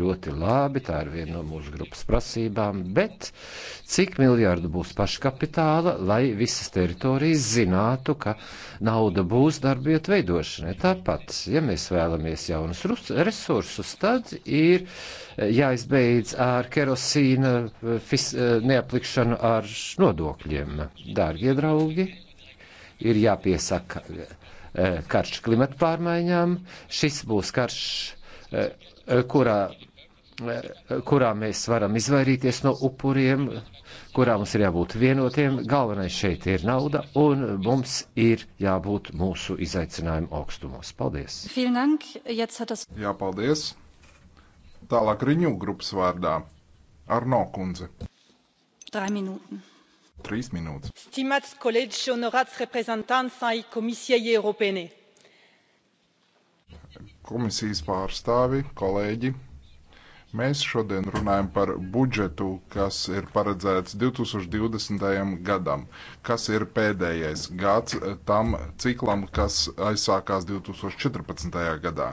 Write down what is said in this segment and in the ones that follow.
ļoti labi, tā ir viena no mūsu grupas prasībām, bet cik miljārdu būs paškapitāla, lai visas teritorijas zinātu, ka nauda būs darbiet veidošanai. Tāpat, ja mēs vēlamies jaunus resursus, tad ir jāizbeidz ar kerosīna fis, neaplikšanu ar nodokļiem. Dārgie draugi, ir jāpiesaka eh, karš klimata pārmaiņām, šis būs karš eh, kurā kurā mēs varam izvairīties no upuriem, kurā mums ir jābūt vienotiem. Galvenais šeit ir nauda, un mums ir jābūt mūsu izaicinājumu augstumos. Paldies! Jā, paldies! Tālāk riņu grupas vārdā Arno Kunze. Trīs minūtes. Stimați colegi și onorați reprezentanți ai Comisiei Europene komisijas pārstāvi, kolēģi. Mēs šodien runājam par budžetu, kas ir paredzēts 2020. gadam, kas ir pēdējais gads tam ciklam, kas aizsākās 2014. gadā.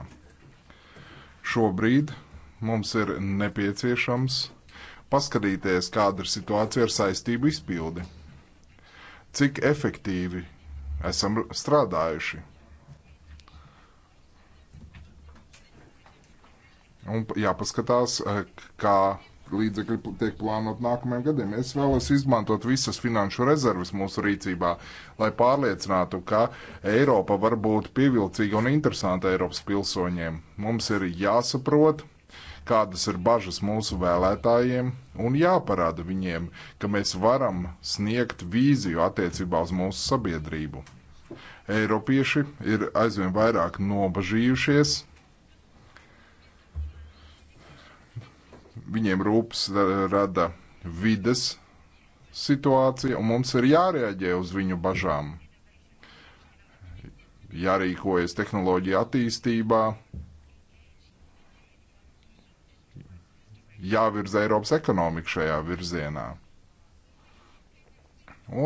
Šobrīd mums ir nepieciešams paskatīties, kāda ir situācija ar saistību izpildi, cik efektīvi esam strādājuši Un jāpaskatās, eh, kā līdzekļi tiek plānot nākamajiem gadiem. Es vēlos izmantot visas finanšu rezerves mūsu rīcībā, lai pārliecinātu, ka Eiropa var būt pievilcīga un interesanta Eiropas pilsoņiem. Mums ir jāsaprot, kādas ir bažas mūsu vēlētājiem, un jāparāda viņiem, ka mēs varam sniegt vīziju attiecībā uz mūsu sabiedrību. Eiropieši ir aizvien vairāk nobažījušies viņiem rūpes rada vides situācija, un mums ir jārēģē uz viņu bažām. Jārīkojas tehnoloģija attīstībā, jāvirza Eiropas ekonomika šajā virzienā.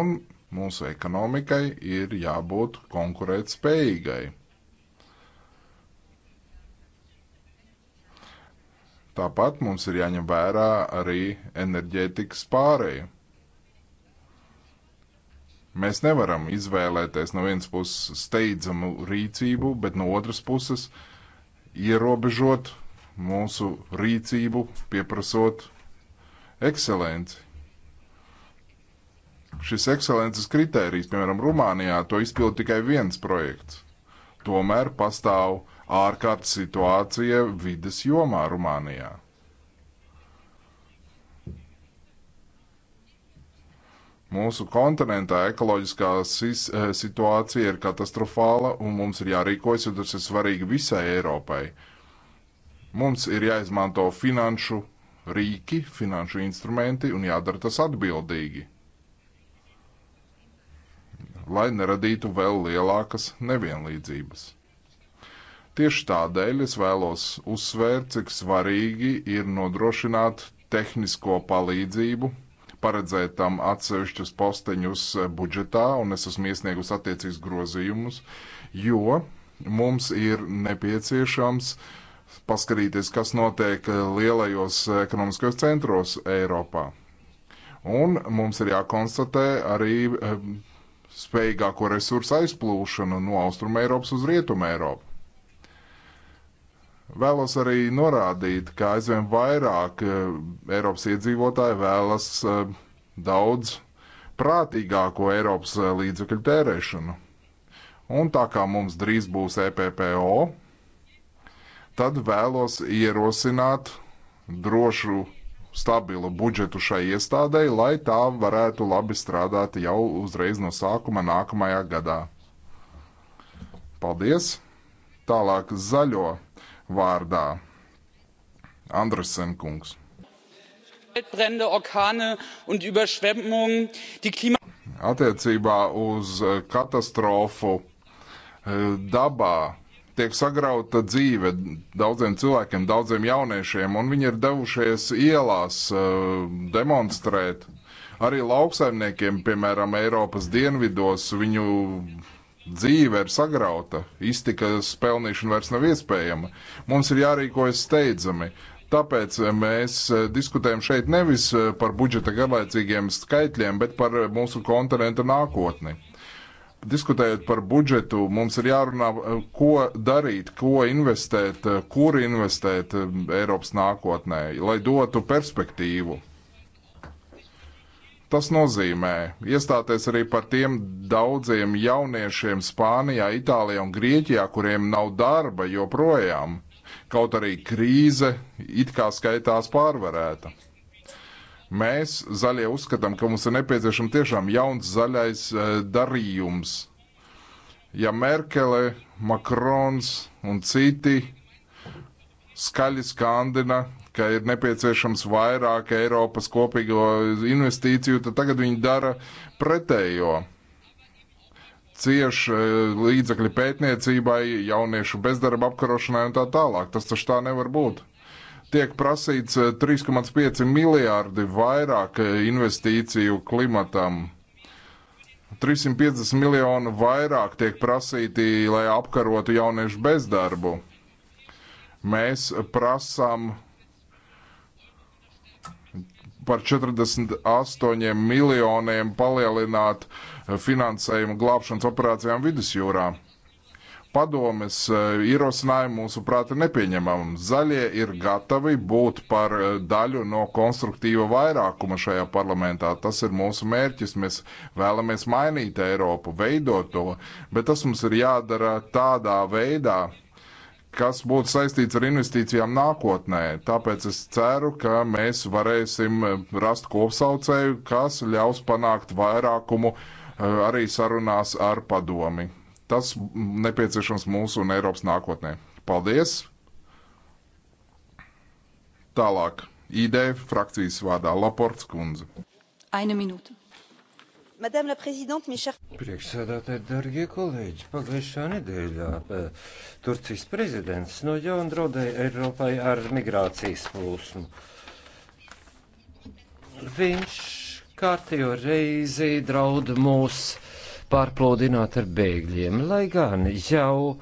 Un mūsu ekonomikai ir jābūt konkurētspējīgai. Tāpat mums ir jāņem vērā arī enerģētikas pārēja. Mēs nevaram izvēlēties no vienas puses steidzamu rīcību, bet no otras puses ierobežot mūsu rīcību, pieprasot ekscelenci. Šis ekscelences kritērijs, piemēram, Rumānijā, to izpild tikai viens projekts. Tomēr pastāv ārkārtas situācija vidas jomā Rumānijā. Mūsu kontinentā ekoloģiskā sis, eh, situācija ir katastrofāla un mums ir jārīkojas, jo tas ir svarīgi visai Eiropai. Mums ir jāizmanto finanšu rīki, finanšu instrumenti un jādara tas atbildīgi, lai neradītu vēl lielākas nevienlīdzības. Tieši tādēļ es vēlos uzsvērt, cik svarīgi ir nodrošināt tehnisko palīdzību, paredzēt tam atsevišķus posteņus budžetā, un es esmu iesniegus attiecīgus grozījumus, jo mums ir nepieciešams paskarīties, kas notiek lielajos ekonomiskajos centros Eiropā. Un mums ir jākonstatē arī eh, spējīgāko resursu aizplūšanu no Austruma Eiropas uz Rietuma Eiropu. Vēlos arī norādīt, ka aizvien vairāk eh, Eiropas iedzīvotāji vēlas eh, daudz prātīgāko Eiropas eh, līdzekļu tērēšanu. Un tā kā mums drīz būs EPPO, tad vēlos ierosināt drošu, stabilu budžetu šai iestādei, lai tā varētu labi strādāt jau uzreiz no sākuma nākamajā gadā. Paldies! Tālāk zaļo vārdā. Andresen kungs. Waldbrände, Orkane un Überschwemmungen, die Klima. Attiecībā uz eh, katastrofu eh, dabā tiek sagrauta dzīve daudziem cilvēkiem, daudziem jauniešiem, un viņi ir devušies ielās uh, demonstrēt. Arī lauksaimniekiem, piemēram, Eiropas dienvidos, viņu Dzīve ir sagrauta, iztikas pelnīšana vairs nav iespējama. Mums ir jārīkojas steidzami. Tāpēc eh, mēs eh, diskutējam šeit nevis eh, par budžeta garlaicīgiem skaitļiem, bet par mūsu kontinenta nākotni. Diskutējot par budžetu, mums ir jārunā, ko darīt, ko investēt, kur investēt Eiropas nākotnē, lai dotu perspektīvu. Tas nozīmē iestāties arī par tiem daudziem jauniešiem Spānijā, Itālijā un Grieķijā, kuriem nav darba joprojām, kaut arī krīze it kā skaitās pārvarēta. Mēs zaļie uzskatām, ka mums ir nepieciešams tiešām jauns zaļais eh, darījums. Ja Merkele, Makrons un citi skaļi skandina, ka ir nepieciešams vairāk Eiropas kopīgo investīciju, tad tagad viņi dara pretējo. Cieši eh, līdzekļi pētniecībai, jauniešu bezdarba apkarošanai un tā tālāk. Tas taču tā nevar būt. Tiek prasīts 3,5 eh, miljārdi vairāk eh, investīciju klimatam. 350 miljonu vairāk tiek prasīti, lai apkarotu jauniešu bezdarbu Mēs prasām par 48 miljoniem palielināt finansējumu glābšanas operācijām vidusjūrā. Padomes e, ierosinājumi mūsu prāti nepieņemam. Zaļie ir gatavi būt par e, daļu no konstruktīva vairākuma šajā parlamentā. Tas ir mūsu mērķis. Mēs vēlamies mainīt Eiropu, veidot to, bet tas mums ir jādara tādā veidā, kas būtu saistīts ar investīcijām nākotnē. Tāpēc es ceru, ka mēs varēsim rast kopsaucēju, kas ļaus panākt vairākumu eh, arī sarunās ar padomi. Tas nepieciešams mūsu un Eiropas nākotnē. Paldies! Tālāk. ID frakcijas vārdā Laports kundze. Aina minūte. Madame la Présidente, mes chers. Priekšsēdētāji, darbie kolēģi, pagājušā nedēļā eh, Turcijas prezidents no jauna draudēja Eiropai ar migrācijas plūsmu. Viņš kārtējo reizi draud mūsu pārplūdināt ar bēgļiem, lai gan jau uh,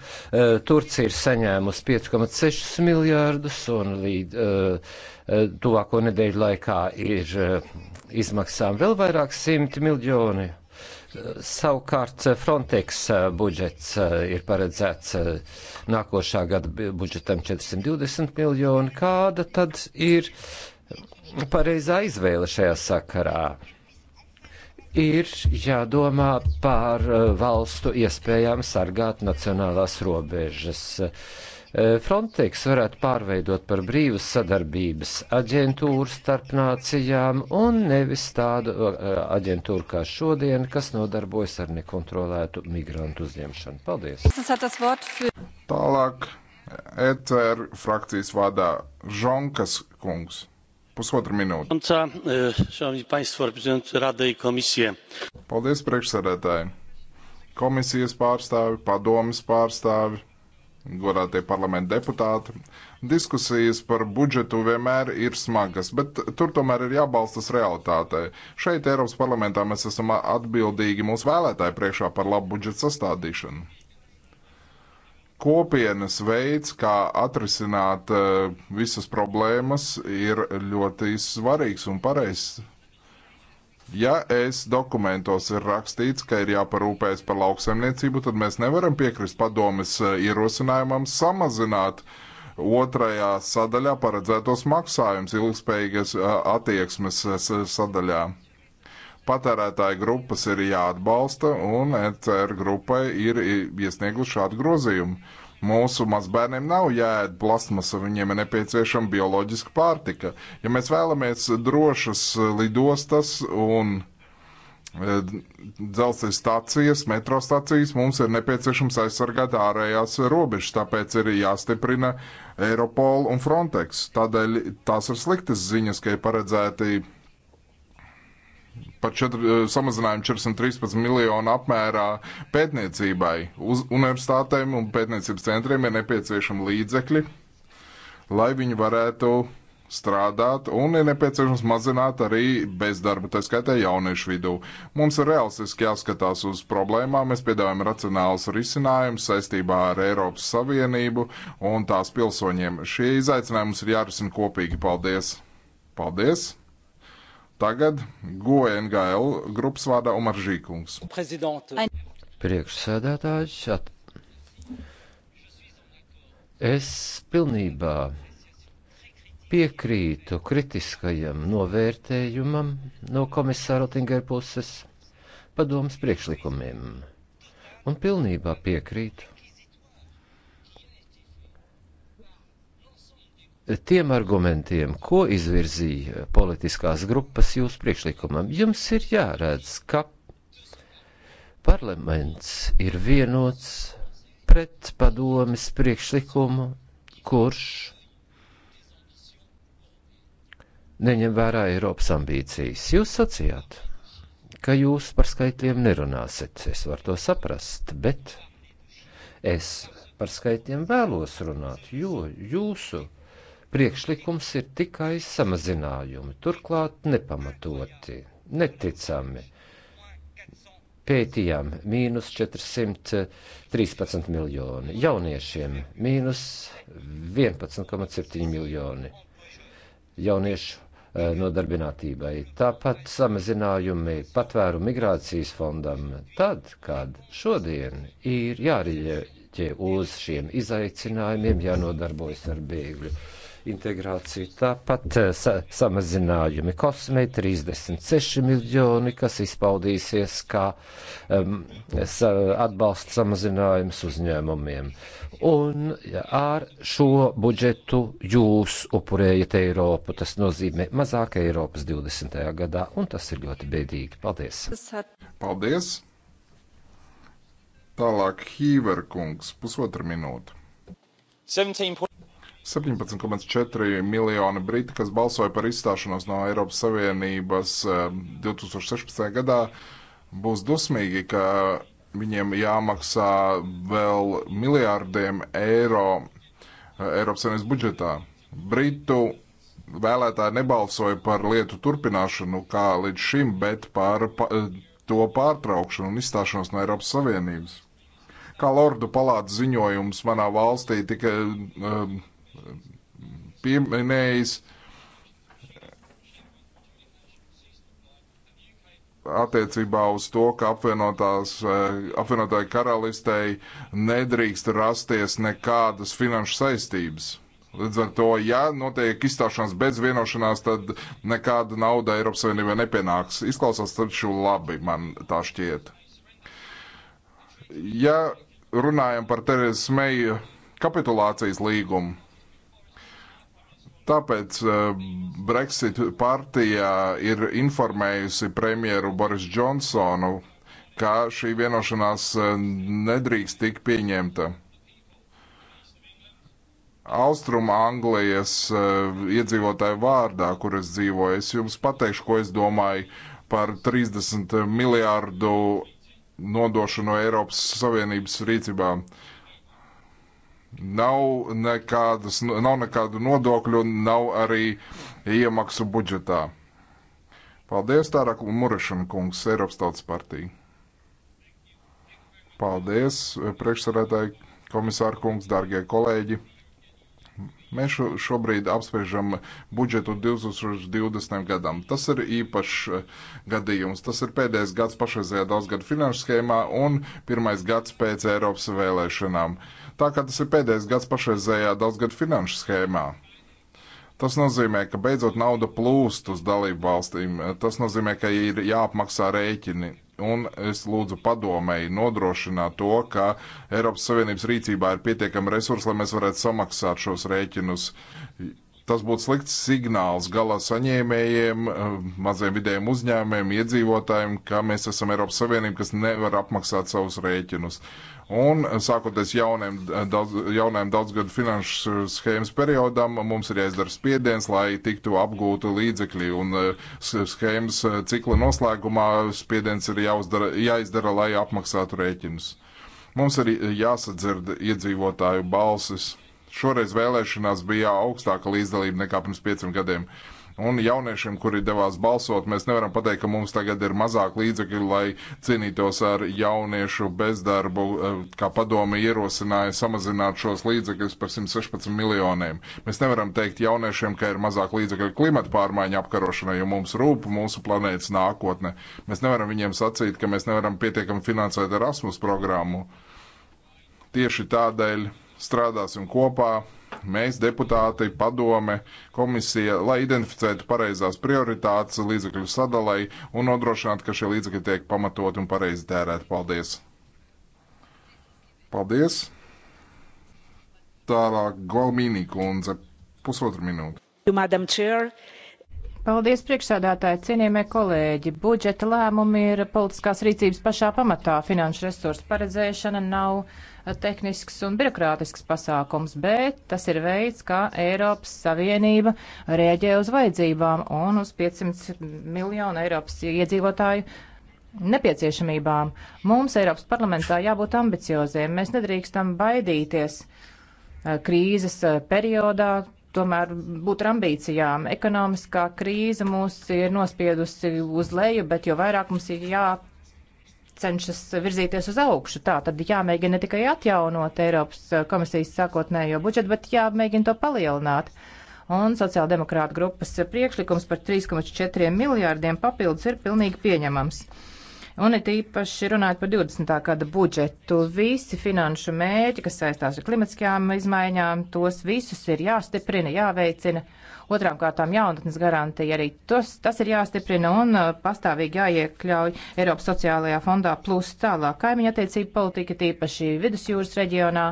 Turcija ir saņēmusi 5,6 miljārdus un līdz uh, eh, uh, eh, tuvāko nedēļu laikā ir uh, izmaksām vēl vairāk simti miljoni. Savukārt Frontex budžets ir paredzēts nākošā gada budžetam 420 miljoni. Kāda tad ir pareizā izvēle šajā sakarā? ir jādomā par uh, valstu iespējām sargāt nacionālās robežas. Uh, Frontex varētu pārveidot par brīvas sadarbības aģentūru starp nācijām un nevis tādu uh, aģentūru kā šodien, kas nodarbojas ar nekontrolētu migrantu uzņemšanu. Paldies! Tālāk ECR frakcijas vadā Žonkas kungs. Pusotra minūte. Paldies, priekšsēdētāji. Komisijas pārstāvi, padomas pārstāvi, godātie parlamenta deputāti. Diskusijas par budžetu vienmēr ir smagas, bet tur tomēr ir jābalstas realitātei. Šeit Eiropas parlamentā mēs esam atbildīgi mūsu vēlētāju priekšā par labu budžetu sastādīšanu kopienas veids, kā atrisināt uh, visas problēmas, ir ļoti svarīgs un pareizs. Ja es dokumentos ir rakstīts, ka ir jāparūpējas par lauksaimniecību, tad mēs nevaram piekrist padomes eh, ierosinājumam samazināt otrajā sadaļā paredzētos maksājumus ilgspējīgas eh, attieksmes sadaļā patērētāju grupas ir jāatbalsta, un ECR grupai ir iesnieguši šādu grozījumu. Mūsu mazbērniem nav jāēd plasmasa, viņiem ir nepieciešama bioloģiska pārtika. Ja mēs vēlamies drošas lidostas un e, dzelzceļa stācijas, metro stācijas, mums ir nepieciešams aizsargāt ārējās robežas, tāpēc ir jāstiprina Eiropola un Frontex. Tādēļ tās ir sliktas ziņas, ka ir paredzēti par četru, eh, samazinājumu 413 miljonu apmērā pētniecībai. Uz universitātēm un pētniecības centriem ir nepieciešami līdzekļi, lai viņi varētu strādāt, un ir nepieciešams mazināt arī bezdarbu, tā skaitā jauniešu vidū. Mums ir realistiski jāskatās uz problēmām, mēs piedāvājam racionālus risinājumus saistībā ar Eiropas Savienību un tās pilsoņiem. Šie izaicinājumi mums ir jārisina kopīgi. Paldies! Paldies! Tagad GONGL e grupas vārdā Omar Žīkungs. Priekšsēdētājs, at... es pilnībā piekrītu kritiskajam novērtējumam no komisāra Tingera puses padomas priekšlikumiem un pilnībā piekrītu tiem argumentiem, ko izvirzīja politiskās grupas jūsu priekšlikumam. Jums ir jāredz, ka parlaments ir vienots pret padomis priekšlikumu, kurš neņem vērā Eiropas ambīcijas. Jūs sacījāt, ka jūs par skaitļiem nerunāsiet. Es varu to saprast, bet es par skaitļiem vēlos runāt, jo jūsu Priekšlikums ir tikai samazinājumi, turklāt nepamatoti, neticami. Pētījām mīnus 413 miljoni, jauniešiem mīnus 11,7 miljoni jauniešu e, nodarbinātībai. Tāpat samazinājumi patvēru migrācijas fondam tad, kad šodien ir jārīļē uz šiem izaicinājumiem, jānodarbojas ar bēgļu integrāciju. Tāpat eh, sa samazinājumi kosmē 36 miljoni, kas izpaudīsies kā um, sa atbalsts samazinājums uzņēmumiem. Un ja, ar šo budžetu jūs upurējat Eiropu. Tas nozīmē mazāk Eiropas 20. gadā, un tas ir ļoti bēdīgi. Paldies! Paldies! Tālāk Hīverkungs, pusotra minūte. 17. 17,4 miljoni briti, kas balsoja par izstāšanos no Eiropas Savienības 2016. Eh, gadā, būs dusmīgi, ka viņiem jāmaksā vēl miljārdiem eiro eh, Eiropas Savienības budžetā. Britu vēlētāji nebalsoja par lietu turpināšanu kā līdz šim, bet par pa, to pārtraukšanu un izstāšanos no Eiropas Savienības. Kā Lordu palātas ziņojums manā valstī tika um, pieminējis attiecībā uz to, ka apvienotās, eh, apvienotāji karalistei nedrīkst rasties nekādas finanšu saistības. Līdz ar to, ja notiek izstāšanās bez vienošanās, tad nekāda nauda Eiropas Savienībai nepienāks. Izklausās taču labi, man tā šķiet. Ja runājam par Terezas Meija kapitulācijas līgumu, Tāpēc eh, Brexit partijā ir informējusi premjeru Boris Džonsonu, ka šī vienošanās eh, nedrīkst tik pieņemta. Austrum Anglijas eh, iedzīvotāju vārdā, kur es dzīvoju, es jums pateikšu, ko es domāju par 30 miljārdu nodošanu Eiropas Savienības rīcībām. Uh, Nav, nekādas, nav nekādu nodokļu, nav arī iemaksu budžetā. Paldies, Tārāk Murešana kungs, Eiropas Tautas partija. Paldies, priekšsarētāji, komisāra kungs, dārgie kolēģi. Mēs šo, šobrīd apspriežam budžetu 2020. gadam. Tas ir īpašs eh, gadījums. Tas ir pēdējais gads pašreizējā daudzgada finanšu schēmā un pirmais gads pēc Eiropas vēlēšanām. Tā kā tas ir pēdējais gads pašreizējā daudzgada finanšu schēmā, Tas nozīmē, ka beidzot nauda plūst uz dalību valstīm. Tas nozīmē, ka ir jāapmaksā rēķini. Un es lūdzu padomēji nodrošināt to, ka Eiropas Savienības rīcībā ir pietiekami resursi, lai mēs varētu samaksāt šos rēķinus. Tas būtu slikts signāls gala saņēmējiem, eh, maziem vidējiem uzņēmējiem, iedzīvotājiem, ka mēs esam Eiropas Savienība, kas nevar apmaksāt savus rēķinus. Un eh, sākoties jauniem, eh, daudz, jauniem daudzgadu finanšu schēmas periodam, mums ir jāizdara spiediens, lai tiktu apgūti līdzekļi. Un schēmas cikla noslēgumā spiediens ir jāuzdara, jāizdara, lai apmaksātu rēķinus. Mums arī jāsadzird iedzīvotāju balsis Šoreiz vēlēšanās bija augstāka līdzdalība nekā pirms pieciem gadiem. Un jauniešiem, kuri devās balsot, mēs nevaram pateikt, ka mums tagad ir mazāk līdzekļu, lai cīnītos ar jauniešu bezdarbu, eh, kā padomi ierosināja samazināt šos līdzekļus par 116 miljoniem. Mēs nevaram teikt jauniešiem, ka ir mazāk līdzekļu klimata pārmaiņu apkarošanai, jo mums rūp mūsu planētas nākotne. Mēs nevaram viņiem sacīt, ka mēs nevaram pietiekami finansēt Erasmus programmu. Tieši tādēļ strādāsim kopā, mēs, deputāti, padome, komisija, lai identificētu pareizās prioritātes līdzekļu sadalai un nodrošinātu, ka šie līdzekļi tiek pamatot un pareizi tērēt. Paldies! Paldies! Tālāk Golmīnī kundze, pusotru minūtu. You, Paldies, priekšsādātāji, cienījamie kolēģi. Budžeta lēmumi ir politiskās rīcības pašā pamatā. Finanšu resursu paredzēšana nav tehnisks un birokrātisks pasākums, bet tas ir veids, kā Eiropas Savienība rēģē uz vajadzībām un uz 500 miljonu Eiropas iedzīvotāju nepieciešamībām. Mums Eiropas parlamentā jābūt ambicioziem. Mēs nedrīkstam baidīties eh, krīzes eh, periodā tomēr būt ar ambīcijām. Ekonomiskā krīze mūs ir nospiedusi uz leju, bet jo vairāk mums ir jā cenšas virzīties uz augšu. Tā tad jāmēģina ne tikai atjaunot Eiropas komisijas sākotnējo budžetu, bet jāmēģina to palielināt. Un sociāldemokrāta grupas priekšlikums par 3,4 miljārdiem papildus ir pilnīgi pieņemams. Un it īpaši runājot par 20. gada budžetu, visi finanšu mērķi, kas saistās ar klimatiskajām izmaiņām, tos visus ir jāstiprina, jāveicina. Otrām kārtām jaunatnes garantija arī tos, tas ir jāstiprina un uh, pastāvīgi jāiekļauj Eiropas sociālajā fondā plus tālāk kaimiņa attiecība politika, tīpaši vidusjūras reģionā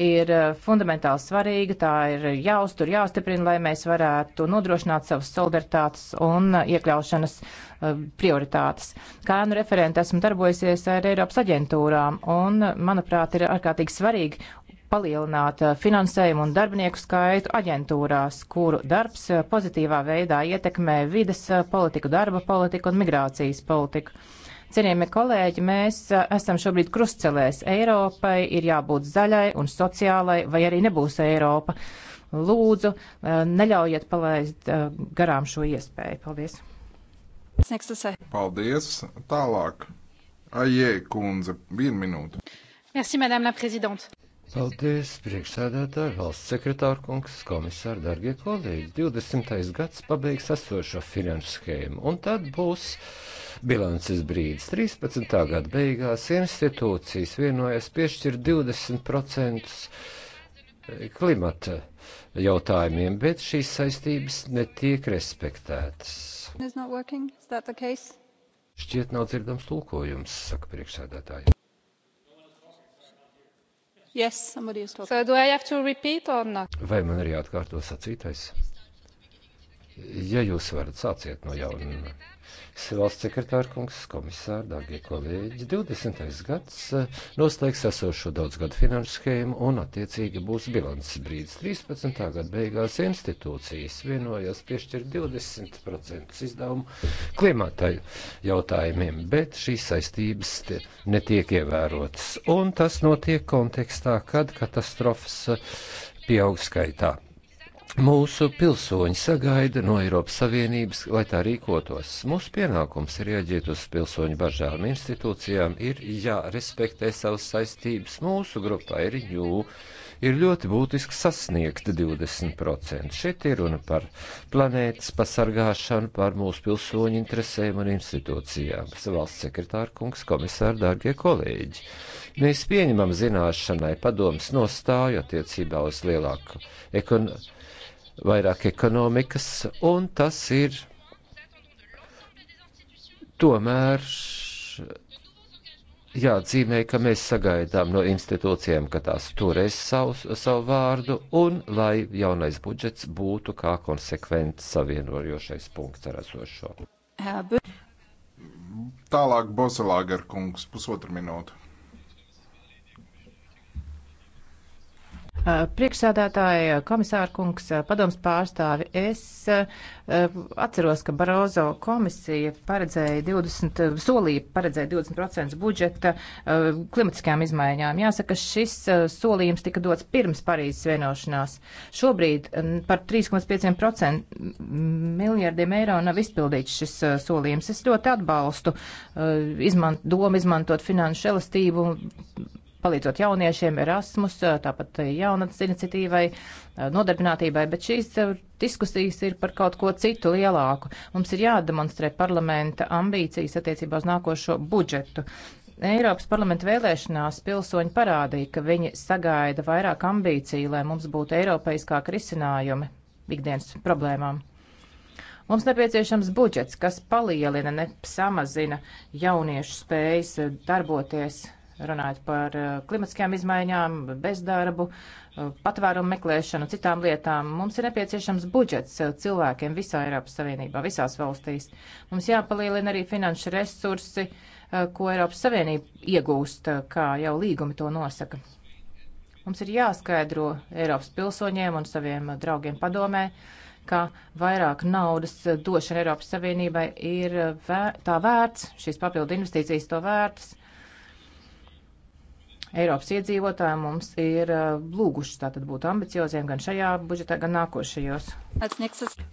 ir uh, fundamentāli svarīga, tā ir jāuztur, jāstiprina, lai mēs varētu nodrošināt savas solidaritātes un uh, iekļaušanas Eh, prioritātes. Kā nu referenti esmu darbojusies ar Eiropas aģentūrām un, manuprāt, ir ārkārtīgi svarīgi palielināt eh, finansējumu un darbinieku skaitu aģentūrās, kuru darbs eh, pozitīvā veidā ietekmē vides politiku, darba politiku un migrācijas politiku. Cienījamie kolēģi, mēs esam šobrīd krustcelēs. Eiropai ir jābūt zaļai un sociālai, vai arī nebūs Eiropa. Lūdzu, neļaujiet palaist garām šo iespēju. Paldies! Paldies! Tālāk. Aijē, kundze, vienu minūtu. Merci, madame la prezidente. Paldies, priekšsēdētāji, valsts sekretārkungs, komisāri, darbie kolēģi. 20. gads pabeigs esošo finanšu schēmu, un tad būs bilances brīdis. 13. gada beigās institūcijas vienojas piešķirt 20% klimata jautājumiem, bet šīs saistības netiek respektētas. Šķiet, nav dzirdams tulkojums, saka priekšsēdētāji. Yes, so Vai man ir jāatkārto sacītais? Ja jūs varat, sāciet no jauna valsts sekretārkungs, komisāri, dārgie kolēģi. 20. gads eh, noslēgs esošo daudzgadu finanšu schēmu un attiecīgi būs bilances brīdis. 13. gada beigās institūcijas vienojās piešķirt 20% izdevumu klimata jautājumiem, bet šīs saistības netiek ievērotas. Un tas notiek kontekstā, kad katastrofas eh, pieaug skaitā. Mūsu pilsoņi sagaida no Eiropas Savienības, lai tā rīkotos. Mūsu pienākums ir rieģiet uz pilsoņu bažām. Institūcijām ir jārespektē savas saistības. Mūsu grupā ir jū ir ļoti būtiski sasniegt 20%. Šeit ir runa par planētas pasargāšanu, par mūsu pilsoņu interesēm un institūcijām. Valsts sekretāra kungs, komisāri, dārgie kolēģi, mēs pieņemam zināšanai padomas nostāju attiecībā uz lielāku ekonomiku vairāk ekonomikas, un tas ir tomēr jāatzīmē, ka mēs sagaidām no institūcijām, ka tās turēs savu, savu vārdu un lai jaunais budžets būtu kā konsekvents savienojošais punkts ar esošo. Tālāk Boselāger kungs, pusotra minūte. Eh, Priekšsādātāja eh, komisāra kungs, eh, padoms pārstāvi, es atceros, ka Barozo komisija paredzēja 20, solīja paredzēja 20% budžeta klimatiskajām izmaiņām. Jāsaka, šis solījums tika dots pirms Parīzes vienošanās. Šobrīd par 3,5% mm, miljardiem eiro nav izpildīts šis solījums. Es ļoti atbalstu izmant, domu izmantot finanšu elastību palīdzot jauniešiem, Erasmus, tāpat jaunatnes iniciatīvai, nodarbinātībai, bet šīs diskusijas ir par kaut ko citu lielāku. Mums ir jādemonstrē parlamenta ambīcijas attiecībā uz nākošo budžetu. Eiropas parlamenta vēlēšanās pilsoņi parādīja, ka viņi sagaida vairāk ambīciju, lai mums būtu eiropeiskāk risinājumi ikdienas problēmām. Mums nepieciešams budžets, kas palielina, ne samazina jauniešu spējas darboties runājot par eh, klimatiskajām izmaiņām, bezdarbu, eh, patvērumu meklēšanu, citām lietām. Mums ir nepieciešams budžets eh, cilvēkiem visā Eiropas Savienībā, visās valstīs. Mums jāpalielina arī finanšu resursi, ko Eiropas Savienība iegūst, kā jau līgumi to nosaka. Mums ir jāskaidro Eiropas pilsoņiem un saviem draugiem padomē, ka vairāk naudas došana Eiropas Savienībai ir vēr tā vērts, šīs papildu investīcijas to vērts Eiropas iedzīvotāji mums ir uh, lūguši tātad būt ambicioziem gan šajā budžetā, gan nākošajos.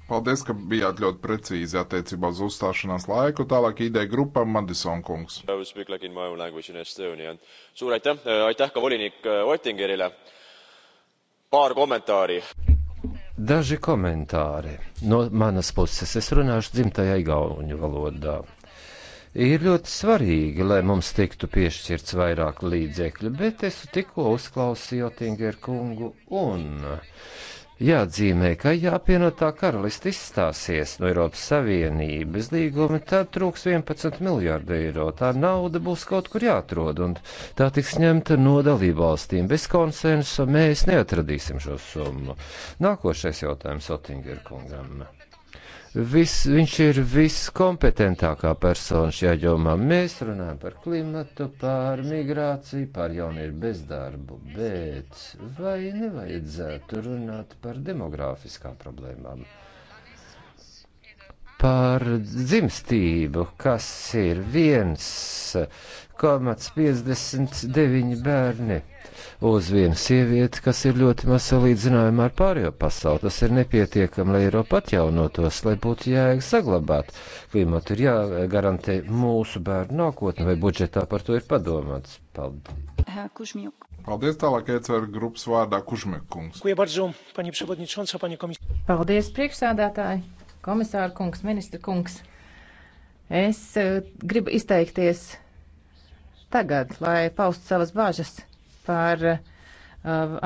Paldies, ka bijāt ļoti precīzi attiecībā uz uzstāšanās laiku. Tālāk ideja grupa Madison kungs. Suur aitäh, eh, aitäh ka volinik eh, Oettingerile. Pār komentāri. Daži komentāri no manas puses. Es runāšu dzimtajā igauņu valodā ir ļoti svarīgi, lai mums tiktu piešķirts vairāk līdzekļu, bet es tikko uzklausīju Otingeru kungu un jāatzīmē, ka jāpienotā karalista izstāsies no Eiropas Savienības līguma, tad trūks 11 miljārdu eiro. Tā nauda būs kaut kur jāatrod, un tā tiks ņemta no dalībvalstīm. Bez konsensa mēs neatradīsim šo summu. Nākošais jautājums Otingeru kungam vis, viņš ir viskompetentākā persona šajā jomā. Mēs runājam par klimatu, par migrāciju, par jauniešu bezdarbu, bet vai nevajadzētu runāt par demogrāfiskām problēmām? par dzimstību, kas ir 1,59 bērni uz vienu sievieti, kas ir ļoti maz salīdzinājumā ar pārējo pasauli. Tas ir nepietiekami, lai Eiropa atjaunotos, lai būtu jēga saglabāt klimatu, ir jāgarantē mūsu bērnu nākotne, vai budžetā par to ir padomāts. Paldies! Paldies tālāk, ECR grupas vārdā Kužmekungs. Paldies, priekšsādātāji! komisāra kungs, ministra kungs. Es eh, gribu izteikties tagad, lai paustu savas bāžas par eh,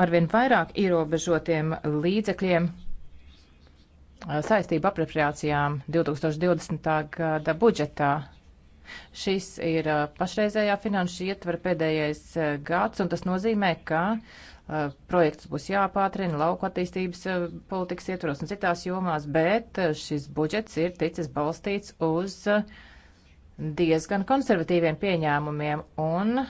arvien vairāk ierobežotiem līdzekļiem eh, saistību apropriācijām 2020. gada budžetā. Šis ir pašreizējā finanšu ietvara pēdējais gads, un tas nozīmē, ka Eh, projekts būs jāpātrina lauku attīstības eh, politikas ietvaros un citās jomās, bet eh, šis budžets ir ticis balstīts uz diezgan konservatīviem pieņēmumiem un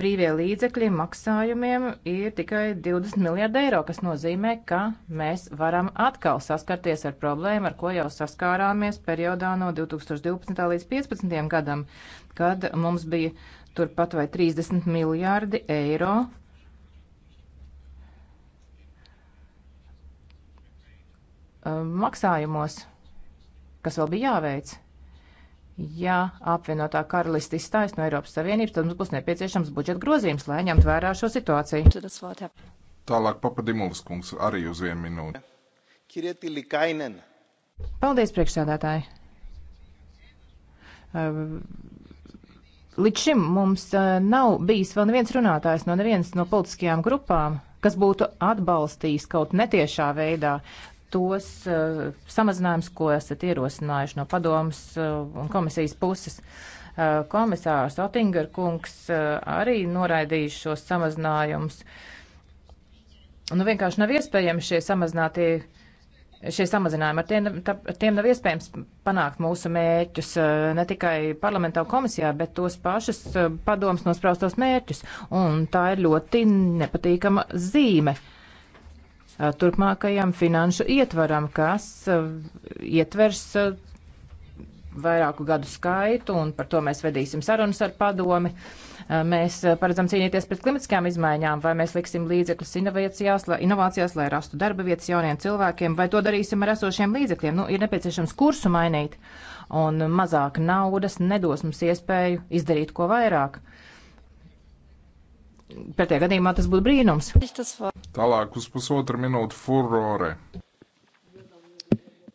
brīvie līdzekļi maksājumiem ir tikai 20 miljārdi eiro, kas nozīmē, ka mēs varam atkal saskarties ar problēmu, ar ko jau saskārāmies periodā no 2012. līdz 2015. gadam, kad mums bija turpat vai 30 miljārdi eiro. Ehm, maksājumos, kas vēl bija jāveic, ja apvienotā karalista izstājas no Eiropas Savienības, tad mums būs nepieciešams budžeta grozījums, lai ņemtu vērā šo situāciju. Tālāk papadimulis kungs arī uz vienu minūti. Paldies, priekšsēdētāji! Ehm, Līdz šim mums eh, nav bijis vēl neviens runātājs no nevienas no politiskajām grupām, kas būtu atbalstījis kaut netiešā veidā tos uh, samazinājumus, ko esat ierosinājuši no padomas uh, un komisijas puses. Uh, komisārs Otinger kungs uh, arī noraidījis šos samazinājumus. Nu, vienkārši nav iespējami šie samazinātie uh, šie samazinājumi. Ar tiem, tā, ar tiem nav iespējams panākt mūsu mērķus eh, ne tikai parlamentā un komisijā, bet tos pašus eh, padomus nospraustos mērķus. Un tā ir ļoti nepatīkama zīme eh, turpmākajam finanšu ietvaram, kas ietvers vairāku gadu skaitu, un par to mēs vedīsim sarunas ar padomi. Mēs paredzam cīnīties pret klimatiskām izmaiņām, vai mēs liksim līdzekļus inovācijās, lai, inovācijās, lai rastu darba vietas jauniem cilvēkiem, vai to darīsim ar esošiem līdzekļiem. Nu, ir nepieciešams kursu mainīt, un mazāk naudas nedos mums iespēju izdarīt ko vairāk. Pretējā gadījumā tas būtu brīnums. Tālāk uz pusotru minūtu furore.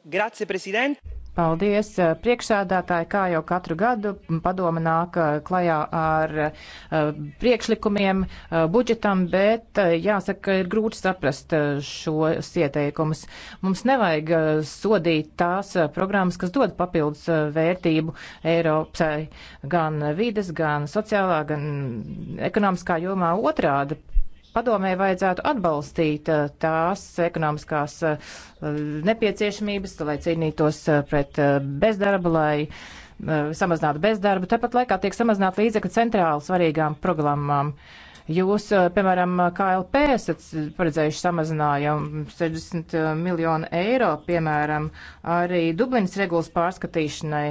Grazie, prezident! Paldies, eh, priekšsēdētāji, kā jau katru gadu padoma nāk eh, klajā ar eh, priekšlikumiem budžetam, bet jāsaka, ir grūti saprast šos ieteikumus. Mums nevajag sodīt tās programmas, kas dod papildus vērtību Eiropai gan vides, gan sociālā, gan ekonomiskā jomā otrādi padomē vajadzētu atbalstīt uh, tās ekonomiskās uh, nepieciešamības, lai cīnītos uh, pret bezdarbu, lai samazinātu bezdarbu. Tāpat laikā tiek samazināt līdzekļi centrāli svarīgām programmām. Jūs, piemēram, KLP esat paredzējuši samazinājumu 60 miljonu eiro, piemēram, arī Dublinas regulas pārskatīšanai,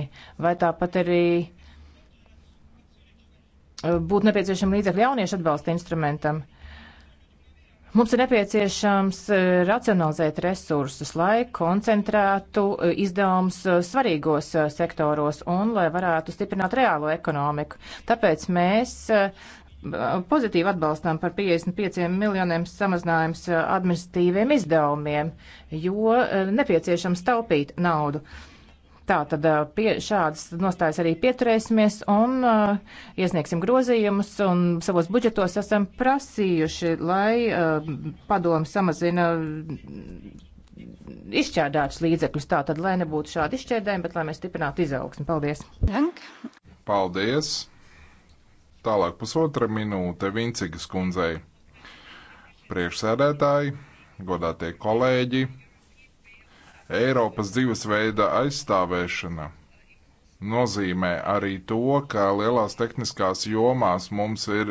vai tāpat arī būtu nepieciešama līdzekļa jauniešu atbalsta instrumentam. Uh, Mums ir nepieciešams eh, racionalizēt resursus, lai koncentrētu eh, izdevumus eh, svarīgos sektoros un lai varētu stiprināt reālo ekonomiku. Tāpēc mēs pozitīvi atbalstām par 55 miljoniem samazinājums administratīviem izdevumiem, jo nepieciešams taupīt naudu. Uh, Tā tad pie šādas nostājas arī pieturēsimies un uh, iesniegsim grozījumus un savos budžetos esam prasījuši, lai uh, padomu samazina izšķērdātus līdzekļus. Tā tad, lai nebūtu šādi izšķērdējumi, bet lai mēs stiprinātu izaugsmu. Paldies! Dank. Paldies! Tālāk pusotra minūte Vincigas kundzei. Priekšsēdētāji, godātie kolēģi! Eiropas dzīvesveida aizstāvēšana nozīmē arī to, ka lielās tehniskās jomās mums ir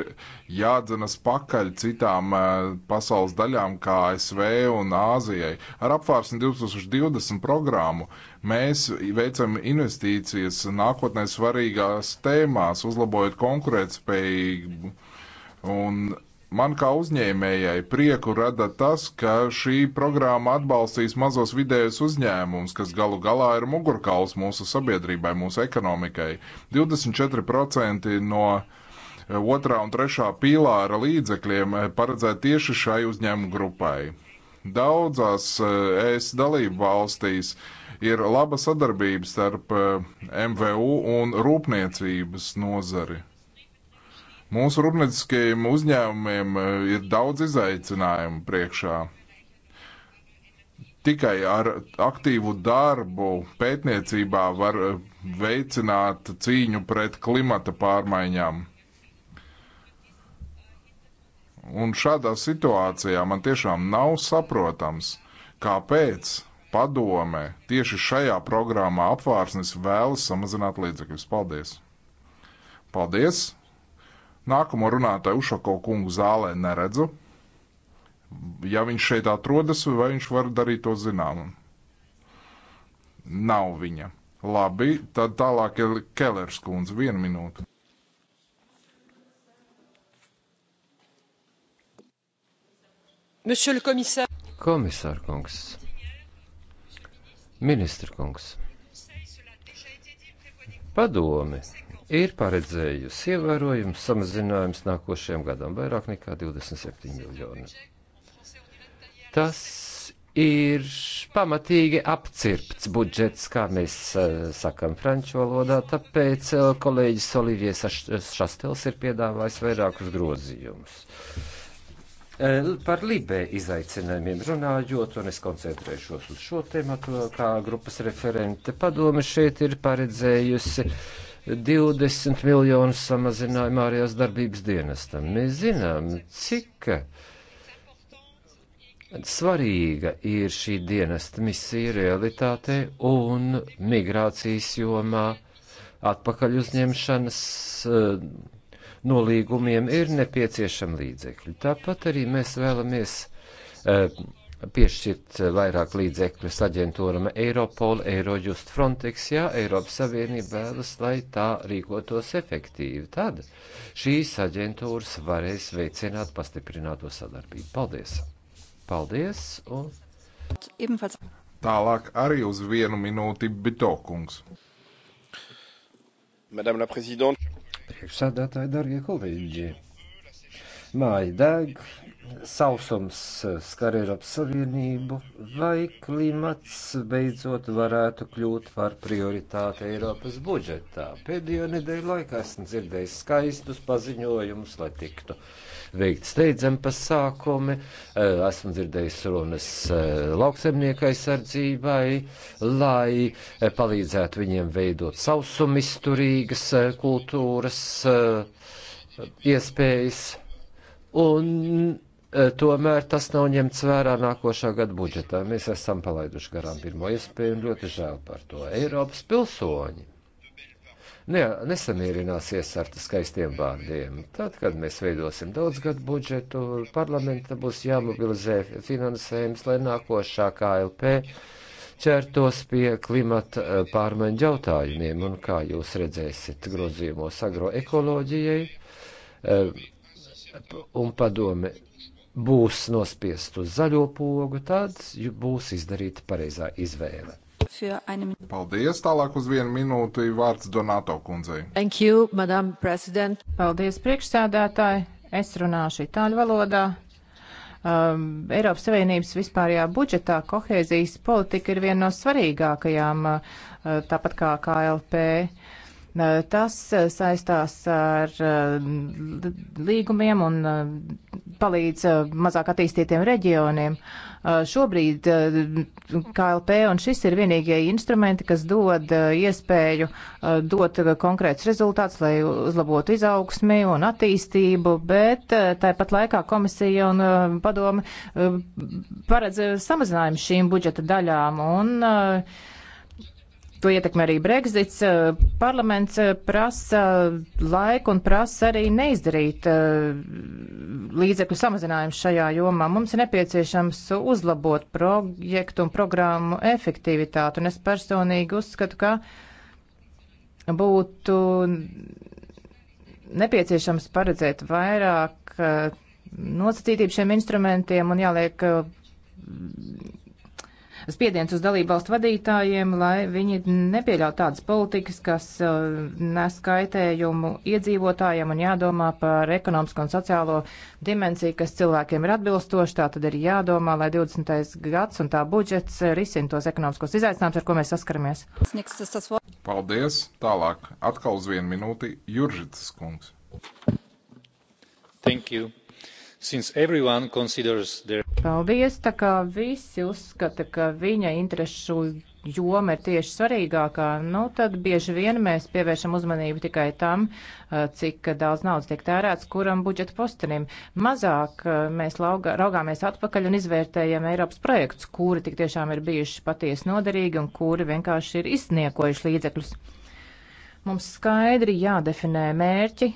jādzenas pakaļ citām eh, pasaules daļām, kā ASV un Āzijai. Ar apvārsni 2020 programmu mēs veicam investīcijas nākotnē svarīgās tēmās, uzlabojot konkurētspējību un Man kā uzņēmējai prieku rada tas, ka šī programma atbalstīs mazos vidējos uzņēmumus, kas galu galā ir mugurkauls mūsu sabiedrībai, mūsu ekonomikai. 24% no eh, otrā un trešā pīlāra līdzekļiem eh, paredzēt tieši šai uzņēmumu grupai daudzās eh, ES dalību valstīs ir laba sadarbība starp MVU un rūpniecības nozari. Mūsu rūpnieciskajiem uzņēmumiem e, ir daudz izaicinājumu priekšā. Tikai ar aktīvu darbu pētniecībā var e, veicināt cīņu pret klimata pārmaiņām. Un šādā situācijā man tiešām nav saprotams, kāpēc padome tieši šajā programmā apvārsnes vēlas samazināt līdzekļus. Paldies! Paldies! Nākamo runātāju Ušako kungu zālē neredzu. Ja viņš šeit atrodas, vai viņš var darīt to zināmu? Nav viņa. Labi, tad tālāk ir Kellers kundze. Vienu minūtu. Komisār kungs, ministra kungs. Padome ir paredzējusi ievērojums samazinājums nākošajam gadam vairāk nekā 27 miljonu. Tas ir pamatīgi apcirpts budžets, kā mēs uh, sakam franču valodā, tāpēc uh, kolēģis Olivijas Šastels ir piedāvājis vairākus grozījumus. Uh, Eh, par Libē izaicinājumiem runājot, un es koncentrēšos uz šo tematu, kā grupas referente padome šeit ir paredzējusi 20 miljonu samazinājumu ārējās darbības dienestam. Mēs zinām, cik svarīga ir šī dienesta misija realitātē un migrācijas jomā atpakaļ uzņemšanas. Uh, nolīgumiem ir nepieciešama līdzekļi. Tāpat arī mēs vēlamies uh, piešķirt vairāk līdzekļus aģentūram Eiropol, Eirojust Frontex, ja Eiropas Savienība vēlas, lai tā rīkotos efektīvi. Tad šīs aģentūras varēs veicināt pastiprināto sadarbību. Paldies! Paldies! Un... Tālāk arī uz vienu minūti Bitokungs. Madame la Présidente priekšsēdētāji, darbie kolēģi! Māja deg, sausums eh, skar Eiropas Savienību, vai klimats beidzot varētu kļūt par prioritāti Eiropas budžetā. Pēdējo nedēļu laikā esmu dzirdējis skaistus paziņojumus, lai tiktu veikt steidzami pasākumi, eh, esmu dzirdējis runas eh, lauksemniekai sardzībai, lai palīdzētu viņiem veidot sausumizturīgas kultūras iespējas. Un E, tomēr tas nav ņemts vērā nākošā gada budžetā. Mēs esam palaiduši garām pirmo iespēju un ļoti žēl par to. Eiropas pilsoņi ne, nesamierināsies ar skaistiem vārdiem. Tad, kad mēs veidosim daudzgadu budžetu, parlamenta būs jāmobilizē finansējums, lai nākošā KLP ķertos pie klimata e, pārmaiņu jautājumiem un, kā jūs redzēsiet, grozījumos agroekoloģijai. Um, un padome būs nospiest uz zaļo pogu, tad būs izdarīta pareizā izvēle. Paldies, tālāk uz vienu minūti vārds Donato kundzei. Thank you, Madam President. Paldies, priekšsēdētāji. Es runāšu itāļu valodā. Um, Eiropas Savienības vispārējā budžetā kohēzijas politika ir viena no svarīgākajām, uh, tāpat kā KLP. Uh, Tas eh, saistās ar eh, līgumiem un eh, palīdz mazāk attīstītiem reģioniem. Šobrīd KLP un šis ir vienīgie instrumenti, kas dod iespēju dot konkrēts rezultāts, lai uzlabotu izaugsmi un attīstību, bet tāpat laikā komisija un padomi paredz samazinājumu šīm budžeta daļām. Un, uh, To ietekmē arī Brexits. Parlaments eh, prasa laiku un prasa arī neizdarīt eh, līdzekļu samazinājumu šajā jomā. Mums ir nepieciešams uzlabot projektu un programmu efektivitāti, un es personīgi uzskatu, ka būtu nepieciešams paredzēt vairāk eh, nosacītību šiem instrumentiem un jāliek spiediens uz dalību valstu vadītājiem, lai viņi nepieļautu tādas politikas, kas uh, nes kaitējumu iedzīvotājiem un jādomā par ekonomisko un sociālo dimensiju, kas cilvēkiem ir atbilstoši. Tā tad ir jādomā, lai 20. gads un tā budžets risina tos ekonomiskos izaicinājumus, ar ko mēs saskaramies. Paldies! Tālāk atkal uz vienu minūti Juržitas kungs. Thank you. Since everyone considers their... Paldies, tā kā visi uzskata, ka viņa interešu joma ir tieši svarīgākā, nu tad bieži vien mēs pievēršam uzmanību tikai tam, cik daudz naudas tiek tērēts kuram budžeta postenim. Mazāk mēs lauga, raugāmies atpakaļ un izvērtējam Eiropas projektus, kuri tik tiešām ir bijuši patiesi noderīgi un kuri vienkārši ir izsniekojuši līdzekļus. Mums skaidri jādefinē mērķi,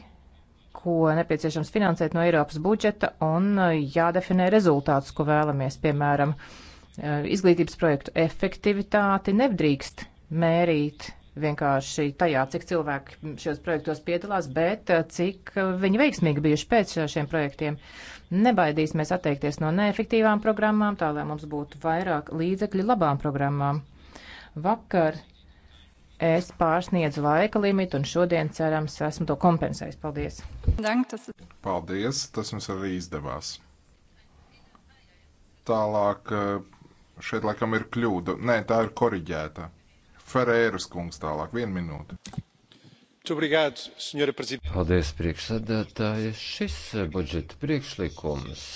ko nepieciešams finansēt no Eiropas budžeta un eh, jādefinē rezultātus, ko vēlamies, piemēram, eh, izglītības projektu efektivitāti nedrīkst mērīt vienkārši tajā, cik cilvēki šajos projektos piedalās, bet eh, cik viņi veiksmīgi bijuši pēc šiem projektiem. Nebaidīsimies atteikties no neefektīvām programmām, tā lai mums būtu vairāk līdzekļu labām programmām. Vakar es pārsniedzu laika limitu, un šodien, cerams, esmu to kompensējis. Paldies! Paldies! Tas mums arī izdevās. Tālāk, eh, šeit laikam ir kļūda. Nē, tā ir koriģēta. Ferēras kungs tālāk, viena minūte. Paldies, priekšsēdētāji. Šis budžeta priekšlikums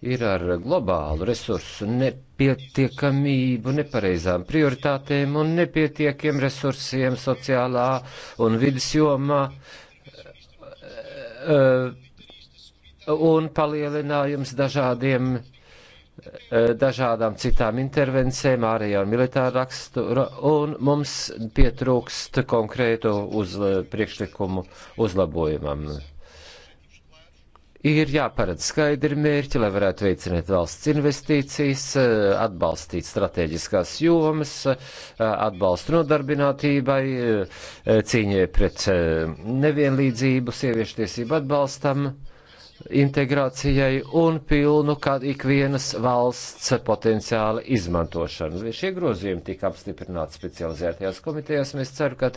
ir ar globālu resursu nepietiekamību, nepareizām prioritātēm un nepietiekiem resursiem sociālā un vidas jomā. Eh, eh, un palielinājums dažādiem eh, dažādām citām intervencēm, ārējā un militāra rakstura, un mums pietrūkst konkrētu uz priekšlikumu uzlabojumam. Ir jāparedz skaidri mērķi, lai varētu veicināt valsts investīcijas, eh, atbalstīt strateģiskās jomas, eh, atbalstu nodarbinātībai, eh, cīņai pret nevienlīdzību, sieviešu tiesību atbalstam integrācijai un pilnu ikvienas valsts potenciāla izmantošanu. Šie grozījumi tika apstiprināti specializētajās komitejās. Mēs ceru, ka,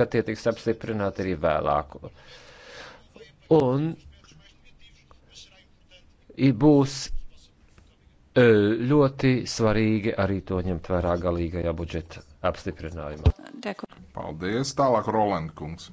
ka tie tiks apstiprināti arī vēlāk. Un būs e, ļoti svarīgi arī to ņemt vērā galīgajā budžeta apstiprinājumā. Paldies. Tālāk Roland kungs.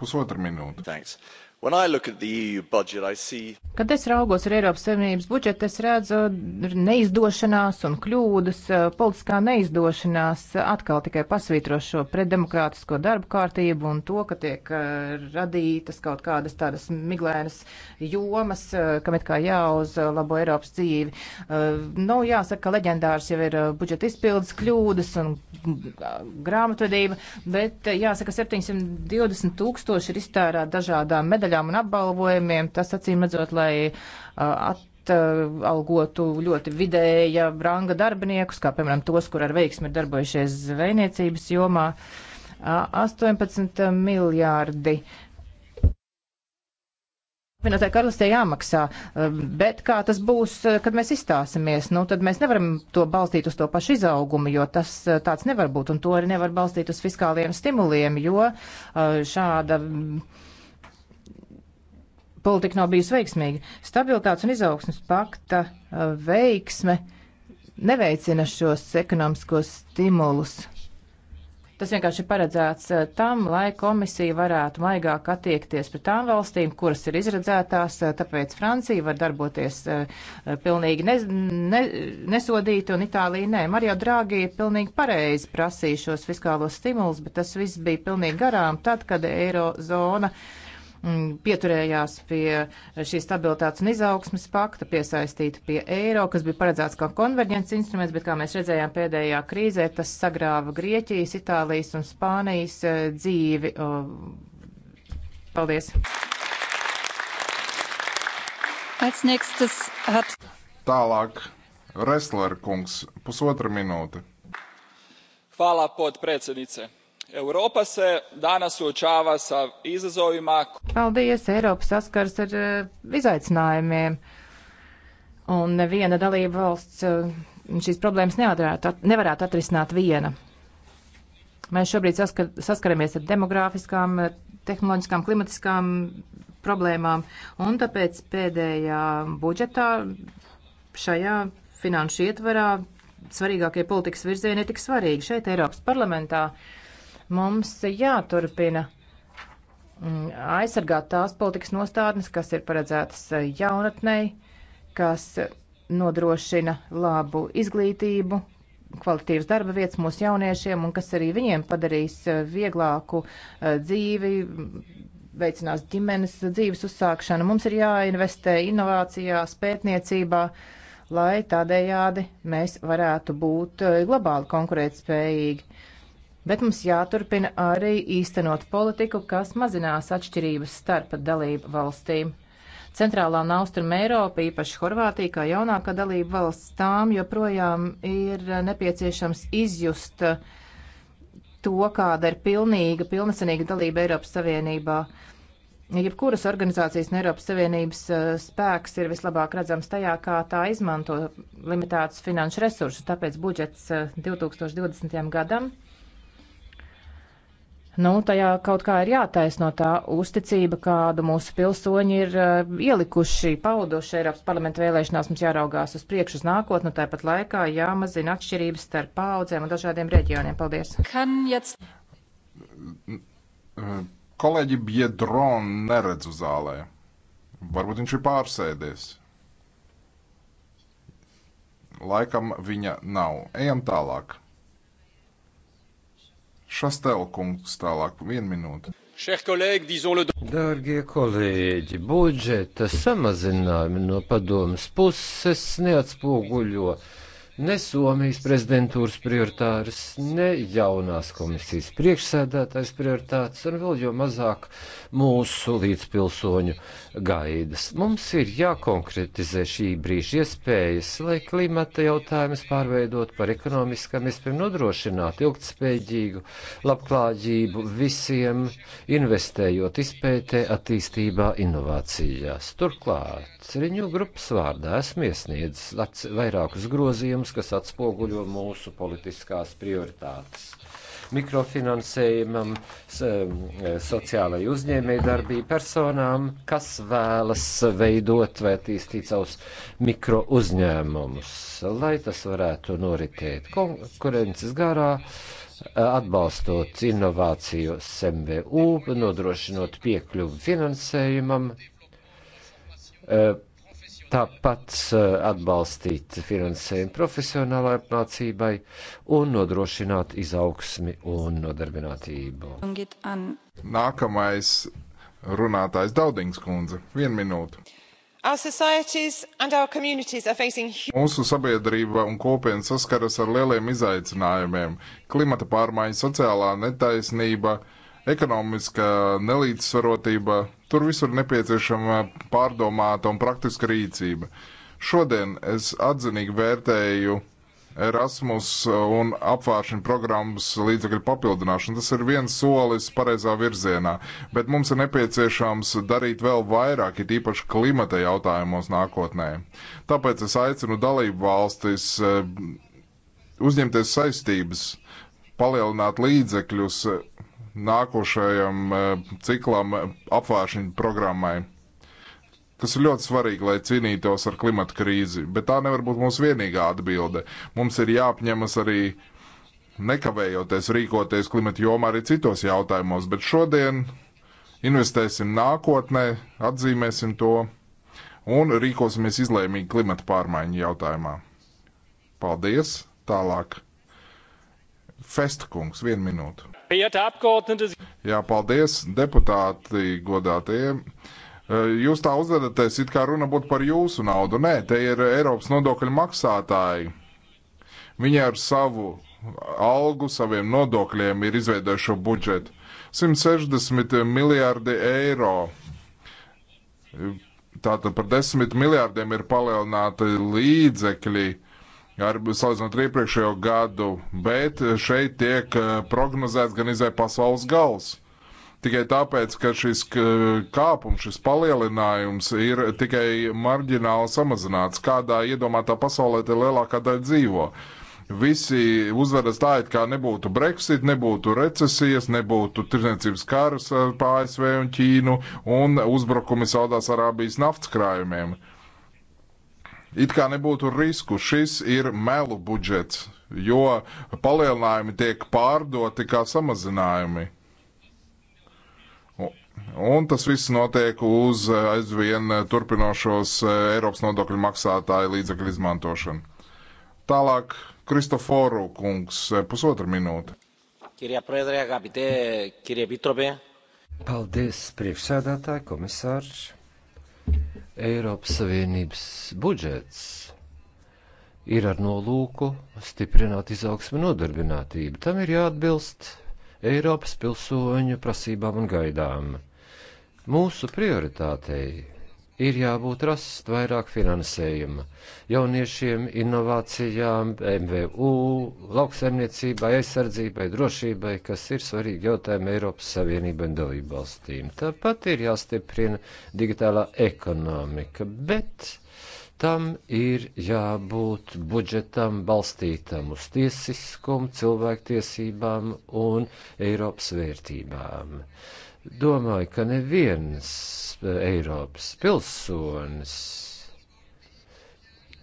Pusotra minūte. Thanks. E see... Kad es raugos ar Eiropas Savienības budžetu, es redzu neizdošanās un kļūdas, eh, politiskā neizdošanās eh, atkal tikai pasvītro šo preddemokrātisko darbu kārtību un to, ka tiek eh, radītas kaut kādas tādas miglēnas jomas, kam it kā jāuzlabo Eiropas dzīvi. Nav nu, jāsaka, ka leģendārs jau ir budžeta izpildes kļūdas un mm, grāmatvedība, bet jāsaka, 720 tūkstoši ir iztērēti dažādām medaļām sadaļām un apbalvojumiem, tas acīm redzot, lai uh, at algotu ļoti vidēja ranga darbiniekus, kā piemēram tos, kur ar veiksmi ir darbojušies zvejniecības jomā, 18 uh, miljārdi apvienotai karalistē jāmaksā, uh, bet kā tas būs, kad mēs izstāsimies, nu tad mēs nevaram to balstīt uz to pašu izaugumu, jo tas tāds nevar būt, un to arī nevar balstīt uz fiskāliem stimuliem, jo šāda politika nav bijusi veiksmīga. Stabilitātes un izaugsmas pakta uh, veiksme neveicina šos ekonomiskos stimulus. Tas vienkārši ir paredzēts uh, tam, lai komisija varētu maigāk attiekties pret tām valstīm, kuras ir izredzētās, uh, tāpēc Francija var darboties pilnīgi ne, ne, nesodīta un Itālija nē. Mario Draghi pilnīgi pareizi prasīja šos fiskālos stimulus, bet tas viss bija pilnīgi garām tad, kad eirozona uh, Mm, pieturējās pie šīs stabilitātes un izaugsmes pakta, piesaistīta pie eiro, kas bija paredzēts kā konverģents instruments, bet kā mēs redzējām pēdējā krīzē, tas sagrāva Grieķijas, Itālijas un Spānijas eh, dzīvi. Paldies! Als nächstes hat. Tālāk, Resler kungs, pusotra minūte. Hvala, potpredsjednice Eiropa se danas suočava sa izazovima. Paldies! Eiropa saskars ar uh, izaicinājumiem. Un neviena dalība valsts uh, šīs problēmas nevarētu, at nevarētu atrisināt viena. Mēs šobrīd saskar, saskaramies ar demogrāfiskām, tehnoloģiskām, klimatiskām problēmām, un tāpēc pēdējā budžetā šajā finanšu ietvarā svarīgākie politikas virzieni ir tik svarīgi šeit Eiropas parlamentā. Uh, Mums jāturpina mm, aizsargāt tās politikas nostādnes, kas ir paredzētas eh, jaunatnei, kas nodrošina labu izglītību, kvalitīvas darba vietas mūsu jauniešiem un kas arī viņiem padarīs eh, vieglāku eh, dzīvi, veicinās ģimenes dzīves uzsākšanu. Mums ir jāinvestē inovācijās, pētniecībā, lai tādējādi mēs varētu būt globāli konkurētspējīgi bet mums jāturpina arī īstenot politiku, kas mazinās atšķirības starp dalību valstīm. Centrālā un austruma Eiropa, īpaši Horvātija, kā jaunākā dalība valsts, tām joprojām ir nepieciešams izjust to, kāda ir pilnīga, pilnesenīga dalība Eiropas Savienībā. Jebkuras organizācijas un Eiropas Savienības eh, spēks ir vislabāk redzams tajā, kā tā izmanto limitētus finanšu resursus, tāpēc budžets 2020. Eh, gadam Nu, tajā kaut kā ir jātaisno tā uzticība, kādu mūsu pilsoņi ir uh, ielikuši, pauduši Eiropas parlamenta vēlēšanās. Mums jāraugās uz priekšu, uz nākotni, tāpat laikā jāmazina atšķirības starp paudzēm un dažādiem reģioniem. Paldies! Mm, mm, kolēģi Biedroni neredzu zālē. Varbūt viņš ir pārsēdies. Laikam viņa nav. Ejam tālāk. Šastelkungs tālāk, vienu minūti. Dārgie kolēģi, budžeta samazinājumi no padomas puses neatspoguļo ne Somijas prezidentūras prioritāras, ne jaunās komisijas priekšsēdētājs prioritātes, un vēl jau mazāk mūsu līdzpilsoņu gaidas. Mums ir jākonkretizē šī brīža iespējas, lai klimata jautājumus pārveidot par ekonomiskām iespējām nodrošināt ilgtspējīgu labklājību visiem, investējot izpētē, attīstībā, inovācijās. Turklāt, riņu grupas vārdā esmu iesniedzis vairākus grozījumus, lēmums, kas atspoguļo mūsu politiskās prioritātes. Mikrofinansējumam, sociālai uzņēmēji darbību personām, kas vēlas veidot vai attīstīt savus mikro uzņēmumus, lai tas varētu noritēt konkurences garā atbalstot inovāciju SMVU, nodrošinot piekļuvu finansējumam, tāpat eh, atbalstīt finansējumu profesionālai apmācībai un nodrošināt izaugsmi un nodarbinātību. Nākamais runātājs Daudings kundze. Vienu minūtu. Facing... Mūsu sabiedrība un kopiena saskaras ar lieliem izaicinājumiem - klimata pārmaiņas, sociālā netaisnība, uh, ekonomiskā nelīdzsvarotība, tur visur nepieciešama pārdomāta un praktiska rīcība. Šodien es atzinīgi vērtēju Erasmus un apvāršana programmas līdzekļu papildināšana. Tas ir viens solis pareizā virzienā, bet mums ir nepieciešams darīt vēl vairāk, it īpaši klimata jautājumos nākotnē. Tāpēc es aicinu dalību valstis eh, uzņemties saistības, palielināt līdzekļus nākošajam eh, ciklam eh, apvāršņu programmai, kas ir ļoti svarīgi, lai cīnītos ar klimatu krīzi. Bet tā nevar būt mūsu vienīgā atbilde. Mums ir jāapņemas arī nekavējoties rīkoties klimata jomā arī citos jautājumos, bet šodien investēsim nākotnē, atzīmēsim to un rīkosimies izlēmīgi klimata pārmaiņu jautājumā. Paldies! Tālāk! Festkungs, vienu minūtu. Jā, paldies, deputāti godātie. E, jūs tā uzvedaties, it kā runa būtu par jūsu naudu. Nē, te ir Eiropas nodokļu maksātāji. Viņi ar savu algu, saviem nodokļiem ir izveidojuši šo budžetu. 160 miljārdi eiro. Tātad par 10 miljārdiem ir palielināti līdzekļi uh, ar salīdzinot ar iepriekšējo gadu, bet šeit tiek eh, prognozēts gan izai pasaules gals. Tikai tāpēc, ka šis kāpums, šis palielinājums ir tikai marģināli samazināts. Kādā iedomātā pasaulē te lielākā daļa dzīvo. Visi uzvedas tā, it kā nebūtu Brexit, nebūtu recesijas, nebūtu tirdzniecības kāras eh, ar ASV un Ķīnu un uzbrukumi Saudās Arābijas naftas krājumiem. Uh, It kā nebūtu risku, šis ir melu budžets, jo palielinājumi tiek pārdoti kā samazinājumi. Un tas viss notiek uz aizvien turpinošos e, Eiropas nodokļu maksātāju līdzekļu izmantošanu. Tālāk Kristoforu kungs, e, pusotra minūte. Paldies, priekšsēdētāji, komisārs. Eiropas Savienības budžets ir ar nolūku stiprināt izaugsmu nodarbinātību. Tam ir jāatbilst Eiropas pilsoņu prasībām un gaidām. Mūsu prioritātei ir jābūt rast vairāk finansējuma jauniešiem, inovācijām, MVU, lauksaimniecībai, aizsardzībai, drošībai, kas ir svarīgi jautājumi Eiropas Savienībai un dalību valstīm. Tāpat ir jāstiprina digitālā ekonomika, bet tam ir jābūt budžetam balstītam uz tiesiskumu, cilvēktiesībām un Eiropas vērtībām. Domāju, ka neviens eh, Eiropas pilsonis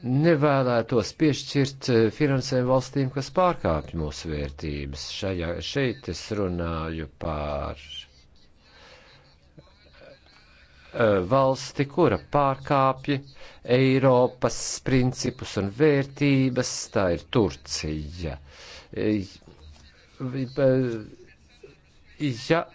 nevēlētos piešķirt eh, finansējumu valstīm, kas pārkāpj mūsu vērtības. Šajā, šeit es runāju par eh, valsti, kura pārkāpja Eiropas principus un vērtības, tā ir Turcija. Ja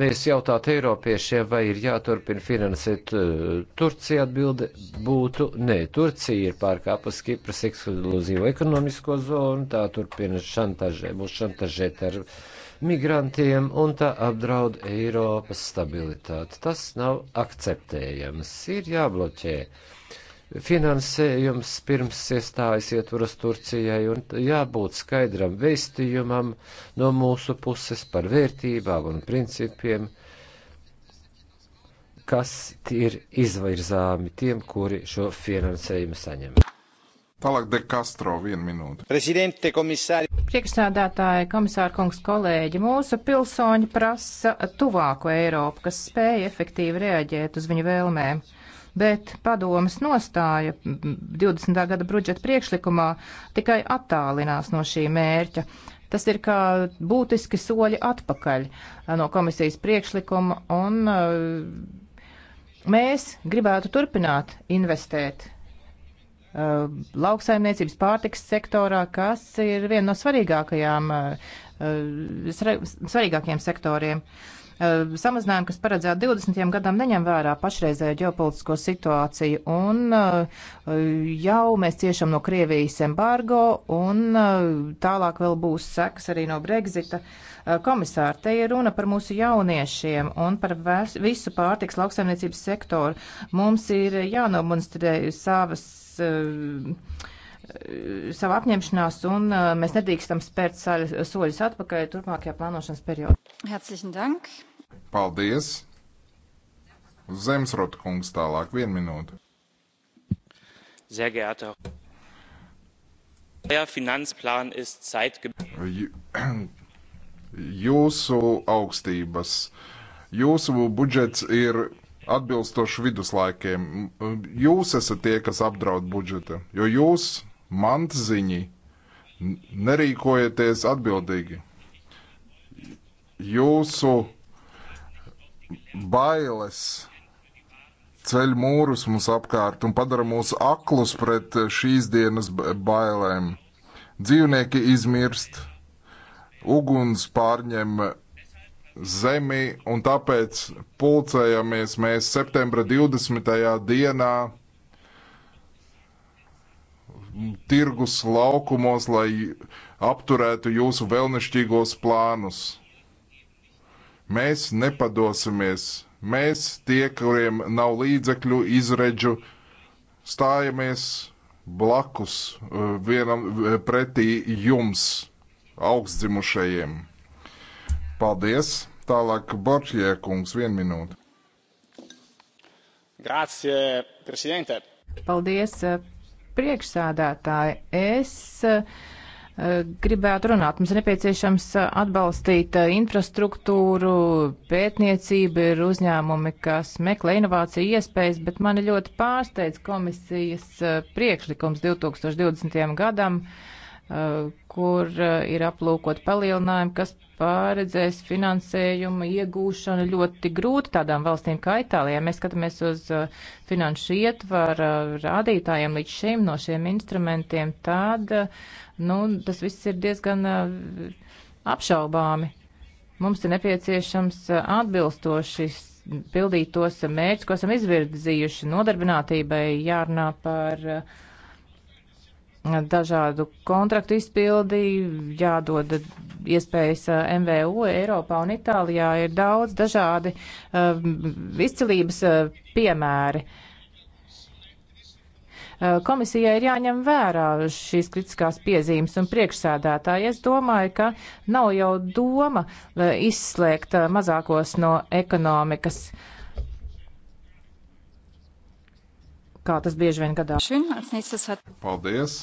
mēs jautātu Eiropiešiem, vai ir jāturpina finansēt eh, Turciju, atbilde būtu nē. Turcija ir pārkāpus Kipras ekskluzīvo ekonomisko zonu, tā turpina šantažē, būs šantažēt ar migrantiem un tā apdraud Eiropas stabilitāti. Tas nav akceptējams, ir jābloķē finansējums pirms iestājas ietvaros Turcijai un jābūt skaidram veistījumam no mūsu puses par vērtībām un principiem, kas ir izvairzāmi tiem, kuri šo finansējumu saņem. Tālāk de Castro, viena minūte. Prezidente, komisāri. Priekšsādātāji, komisāra kungs, kolēģi, mūsu pilsoņi prasa tuvāku Eiropu, kas spēja efektīvi reaģēt uz viņu vēlmēm bet padomas nostāja 20. gada budžeta priekšlikumā tikai attālinās no šī mērķa. Tas ir kā būtiski soļi atpakaļ eh, no komisijas priekšlikuma, un eh, mēs gribētu turpināt investēt eh, lauksaimniecības pārtiks sektorā, kas ir viena no svarīgākajām, svarīgākajiem sektoriem. Uh, Eh, samazinājumu, kas paredzēta 20. gadam, neņem vērā pašreizējo ģeopolitisko situāciju. Un eh, jau mēs ciešam no Krievijas embargo, un eh, tālāk vēl būs sekas arī no Brexita. Komisāri, te ir runa par mūsu jauniešiem un par visu pārtiks lauksaimniecības sektoru. Mums ir jānomonstrē savas. Uh, Eh, savu apņemšanās, un eh, mēs nedrīkstam spērt soļus atpakaļ turpmākajā plānošanas periodā. Herzlichen Dank! Paldies! Zemsrota kungs tālāk, vienu minūti. Sehr geehrter Euer Finanzplan ist zeitgemäß. Jūsu augstības, jūsu budžets ir atbilstoši viduslaikiem. Jūs esat tie, kas apdraud budžeta, jo jūs mantziņi, nerīkojieties atbildīgi. Jūsu bailes ceļ mūrus mums apkārt un padara mūs aklus pret šīs dienas bailēm. Dzīvnieki izmirst, uguns pārņem zemi, un tāpēc pulcējamies mēs septembra 20. dienā tirgus laukumos, lai apturētu jūsu vēlnišķīgos plānus. Mēs nepadosimies. Mēs, tie, kuriem nav līdzekļu, izredzu, stājamies blakus e, vienam e, pretī jums, augstdzimušajiem. Paldies! Tālāk Borčie kungs, vien minūte. Grazie, prezidente! Paldies, priekšsādātāji, es eh, gribētu runāt. Mums ir nepieciešams eh, atbalstīt eh, infrastruktūru, pētniecību, ir uzņēmumi, kas meklē inovāciju iespējas, bet mani ļoti pārsteidz komisijas priekšlikums 2020. gadam kur eh, ir aplūkot palielinājumi, kas pārredzēs finansējumu iegūšanu ļoti grūti tādām valstīm kā Itālijā. Mēs skatāmies uz eh, finanšu ietvaru eh, rādītājiem līdz šim no šiem instrumentiem, tad nu, tas viss ir diezgan apšaubāmi. Mums ir nepieciešams atbilstošs pildīt tos mērķus, ko esam izvirzījuši nodarbinātībai, jārunā par uh, dažādu kontraktu izpildi, jādod iespējas uh, MVU Eiropā un Itālijā. Ir daudz dažādi uh, izcilības uh, piemēri. Uh, komisijai ir jāņem vērā šīs kritiskās piezīmes un priekšsēdētāji. Es domāju, ka nav jau doma uh, izslēgt uh, mazākos no ekonomikas. Kā tas bieži vien gadās. Paldies!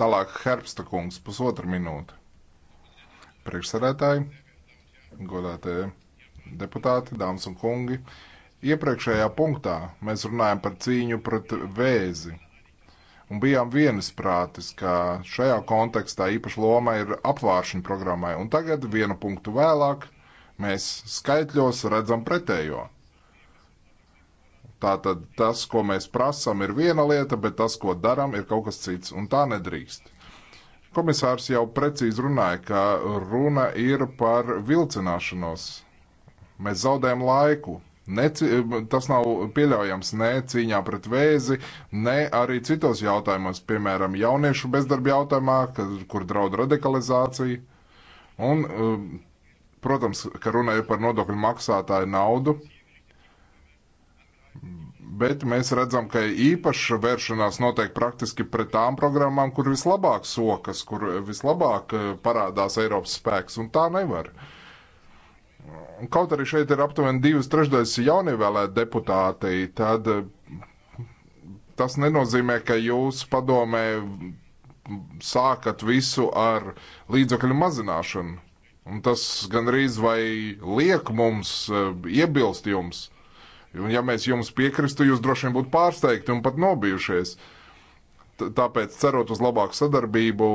Tālāk Herbsta kungs, pusotra minūte. Priekšsēdētāji, godātie deputāti, dāmas un kungi, iepriekšējā punktā mēs runājam par cīņu pret vēzi. Un bijām viensprātis, ka šajā kontekstā īpaša loma ir apvāršana programmai, un tagad vienu punktu vēlāk mēs skaitļos redzam pretējo. Tātad tas, ko mēs prasam, ir viena lieta, bet tas, ko darām, ir kaut kas cits, un tā nedrīkst. Komisārs jau precīzi runāja, ka runa ir par vilcināšanos. Mēs zaudējam laiku. Ne, tas nav pieļaujams ne cīņā pret vēzi, ne arī citos jautājumos, piemēram, jauniešu bezdarba jautājumā, kad, kur draud radikalizācija. Un, um, protams, ka runa ir par nodokļu maksātāju naudu, Bet mēs redzam, ka īpaša vēršanās notiek praktiski pret tām programmām, kur vislabāk sokas, kur vislabāk eh, parādās Eiropas spēks, un tā nevar. Kaut arī šeit ir aptuveni divas trešdaļas jaunievēlēt deputāti, tad eh, tas nenozīmē, ka jūs padomē sākat visu ar līdzakļu mazināšanu. Un tas gandrīz vai liek mums eh, iebilst jums. Un ja mēs jums piekristu, jūs droši vien būtu pārsteigti un pat nobijušies. Tāpēc, cerot uz labāku sadarbību,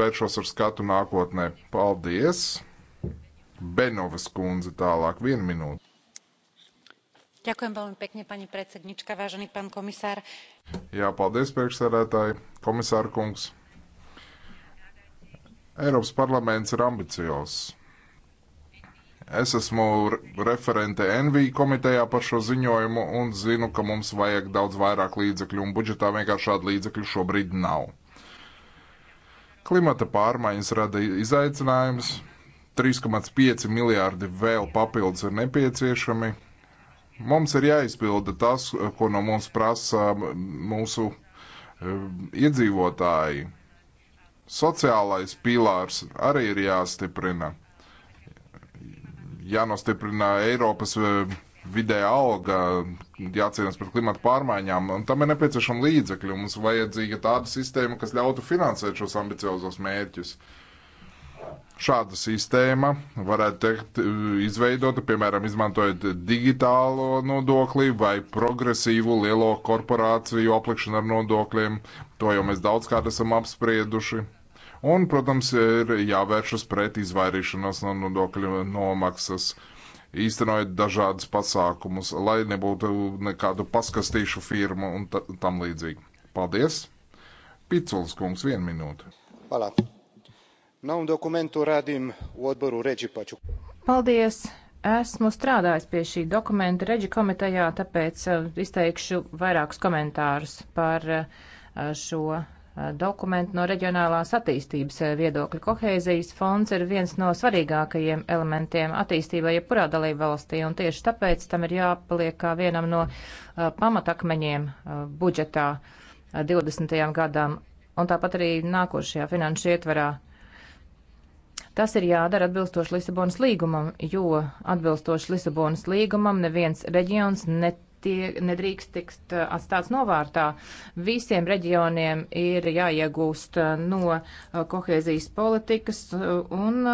vēršos ar skatu nākotnē. Paldies! Benovas kundze tālāk, viena minūte. Ďakujem veľmi pekne, pani predsednička, vážený pán komisár. Jā, paldies, priekšsēdētāji, komisāra kungs. Eiropas parlaments ir ambiciozs Es esmu referente NV komitejā par šo ziņojumu un zinu, ka mums vajag daudz vairāk līdzekļu un budžetā vienkārši šādu līdzekļu šobrīd nav. Klimata pārmaiņas rada izaicinājumus. 3,5 miljārdi vēl papildus ir nepieciešami. Mums ir jāizpilda tas, ko no mums prasa mūsu eh, iedzīvotāji. Sociālais pīlārs arī ir jāstiprina jānostiprina Eiropas e, vidēja alga, jācīnās pret klimatu pārmaiņām, un tam ir nepieciešama līdzekļa. Mums vajadzīga tāda sistēma, kas ļautu finansēt šos ambiciozos mērķus. Šāda sistēma varētu teikt e, izveidota, piemēram, izmantojot digitālo nodokli vai progresīvu lielo korporāciju aplikšanu ar nodokļiem. To jau mēs daudzkārt esam apsprieduši. Un, protams, ir jāvēršas pret izvairīšanos no nodokļu nomaksas, īstenojot dažādus pasākumus, lai nebūtu nekādu paskastīšu firmu un tam līdzīgi. Paldies! Piculs kungs, vienu minūti. Palā. Nav dokumentu rādījumu odboru reģi paču. Paldies! Esmu strādājis pie šī dokumenta reģi komitejā, tāpēc uh, izteikšu vairākus komentārus par uh, šo dokumentu no reģionālās attīstības viedokļa. Kohēzijas fonds ir viens no svarīgākajiem elementiem attīstībā jebkurā dalība valstī, un tieši tāpēc tam ir jāpaliek kā vienam no uh, pamatakmeņiem uh, budžetā 20. Uh, gadam, un tāpat arī nākošajā finanšu ietverā. Tas ir jādara atbilstoši Lisabonas līgumam, jo atbilstoši Lisabonas līgumam neviens reģions netiek tie nedrīkst tikt eh, atstāts novārtā. Visiem reģioniem ir jāiegūst eh, no eh, kohēzijas politikas un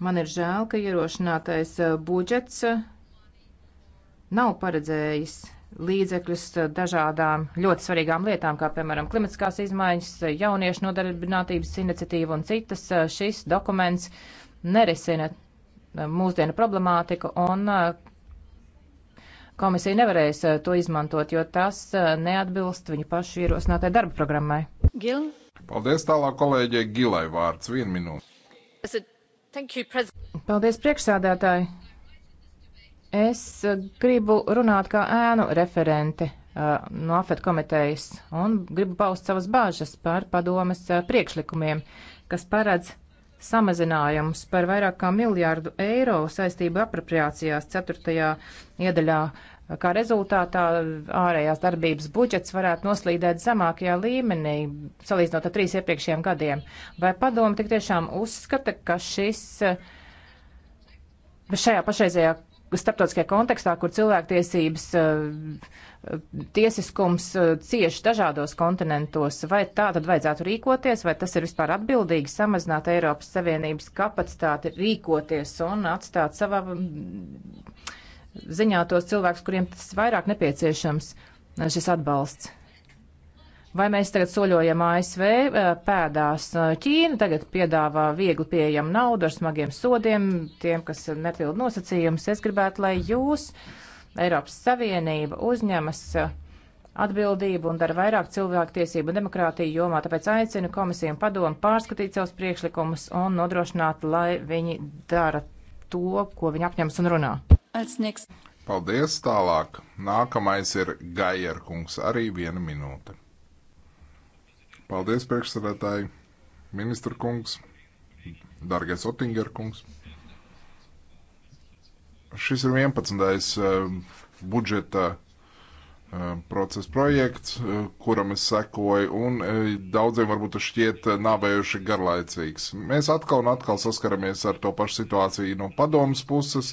man ir žēl, ka ierošinātais budžets nav paredzējis līdzekļus dažādām ļoti svarīgām lietām, kā piemēram klimatiskās izmaiņas, jauniešu nodarbinātības iniciatīva un citas. Šis dokuments nerisina mūsdienu problemātiku un Komisija nevarēs eh, to izmantot, jo tas eh, neatbilst viņu pašu ierosinātai darba programmai. Gil. Paldies tālāk kolēģei Gilai vārds. Vienu minūti. Paldies priekšsādātāji. Es eh, gribu runāt kā ēnu referente no AFET komitejas un gribu paust savas bāžas par padomas priekšlikumiem, kas paredz samazinājumus par vairāk kā miljārdu eiro saistību apropriācijās ceturtajā iedaļā. Kā rezultātā ārējās darbības budžets varētu noslīdēt zemākajā līmenī, salīdzinot ar trīs iepriekšējiem gadiem. Vai padomu tik tiešām uzskata, ka šis šajā pašreizējā starptautiskajā kontekstā, kur cilvēktiesības uh, tiesiskums eh, cieši dažādos kontinentos. Vai tā tad vajadzētu rīkoties, vai tas ir vispār atbildīgi samazināt Eiropas Savienības kapacitāti rīkoties un atstāt savā mm, ziņā tos cilvēkus, kuriem tas vairāk nepieciešams, eh, šis atbalsts? Vai mēs tagad soļojam ASV eh, pēdās? Ķīna tagad piedāvā viegli pieejamu naudu ar smagiem sodiem tiem, kas nepildu nosacījumus. Es gribētu, lai jūs uh, Eiropas Savienība uzņemas uh, atbildību un dara vairāk cilvēku tiesību un demokrātiju jomā, tāpēc aicinu komisiju un padomu pārskatīt savus priekšlikumus un nodrošināt, lai viņi dara to, ko viņi apņems un runā. Paldies tālāk. Nākamais ir Gajerkungs, arī viena minūte. Paldies priekšsēdētāji, ministra kungs, dārgais Otingerkungs. kungs. Šis ir 11. Um, budžeta um, procesa projekts, uh, kuram es sekoju, un uh, daudziem varbūt tas šķiet uh, nāvējuši garlaicīgs. Mēs atkal un atkal saskaramies ar to pašu situāciju no padomas puses,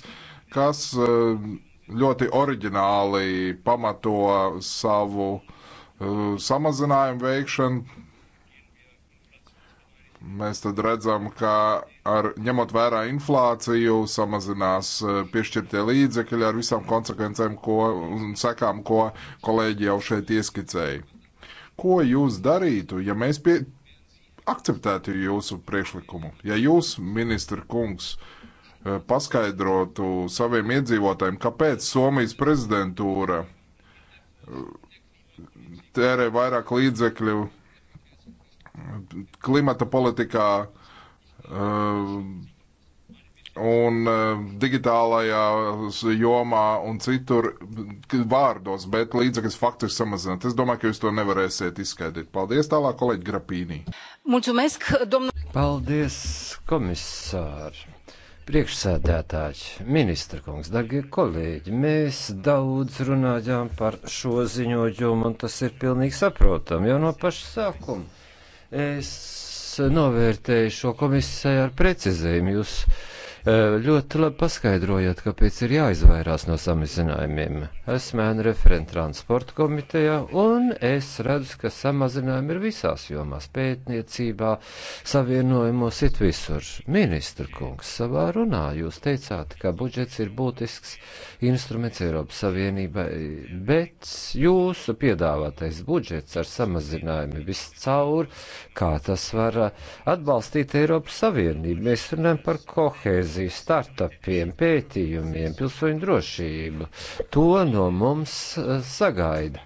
kas um, ļoti oriģināli pamato savu samazinājumu veikšanu. Mēs tad redzam, ka ar ņemot vērā inflāciju, samazinās eh, piešķirtie līdzekļi ar visām konsekvencēm ko, un sekām, ko kolēģi jau šeit ieskicēja. Ko jūs darītu, ja mēs pie, akceptētu jūsu priekšlikumu? Ja jūs, ministra kungs, eh, paskaidrotu saviem iedzīvotājiem, kāpēc Somijas prezidentūra eh, tērē vairāk līdzekļu klimata politikā, uh, Ehm, un ehm, digitālajā jomā un citur vārdos, bet līdzekļus faktiski samazināt. Es domāju, ka jūs to nevarēsiet izskaidrot. Paldies tālāk, kolēģi Grapīnī. Mulțumesc, domnul. Paldies, komisār. Priekšsēdētāji, ministra kungs, darbie kolēģi, mēs daudz runājām par šo ziņojumu, un tas ir pilnīgi saprotami jau no paša sākuma. Es novērtēju šo komisiju ar precizējumu. Jūs ļoti labi paskaidrojāt, kāpēc ir jāizvairās no samazinājumiem. Esmu ēna referenta transporta komitejā, un es redzu, ka samazinājumi ir visās jomās - pētniecībā, savienojumos, it visur. Ministra kungs, savā runā jūs teicāt, ka budžets ir būtisks instruments Eiropas Savienībai, bet jūsu piedāvātais budžets ar samazinājumi viscaur, kā tas var atbalstīt Eiropas Savienību. Mēs runājam par kohēziju inovāciju, startupiem, pētījumiem, pilsoņu drošību. To no mums eh, sagaida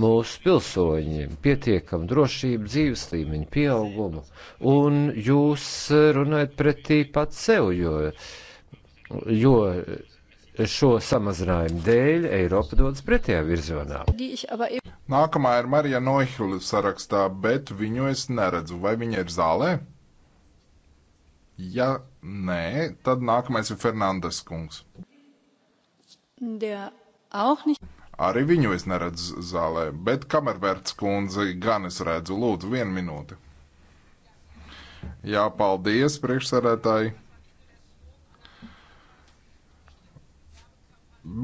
mūsu pilsoņiem pietiekam drošību, dzīves līmeņu pieaugumu, un jūs eh, runājat pretī pat sev, jo, jo šo samazinājumu dēļ Eiropa dodas pretējā virzienā. Nākamā ir Marija Noihula sarakstā, bet viņu es neredzu. Vai viņa ir zālē? Ja nē, tad nākamais ir Fernandes kungs. Arī viņu es neredzu zālē, bet kamervērts kundzi gan es redzu. Lūdzu, vienu minūti. Jā, paldies, priekšsarētāji.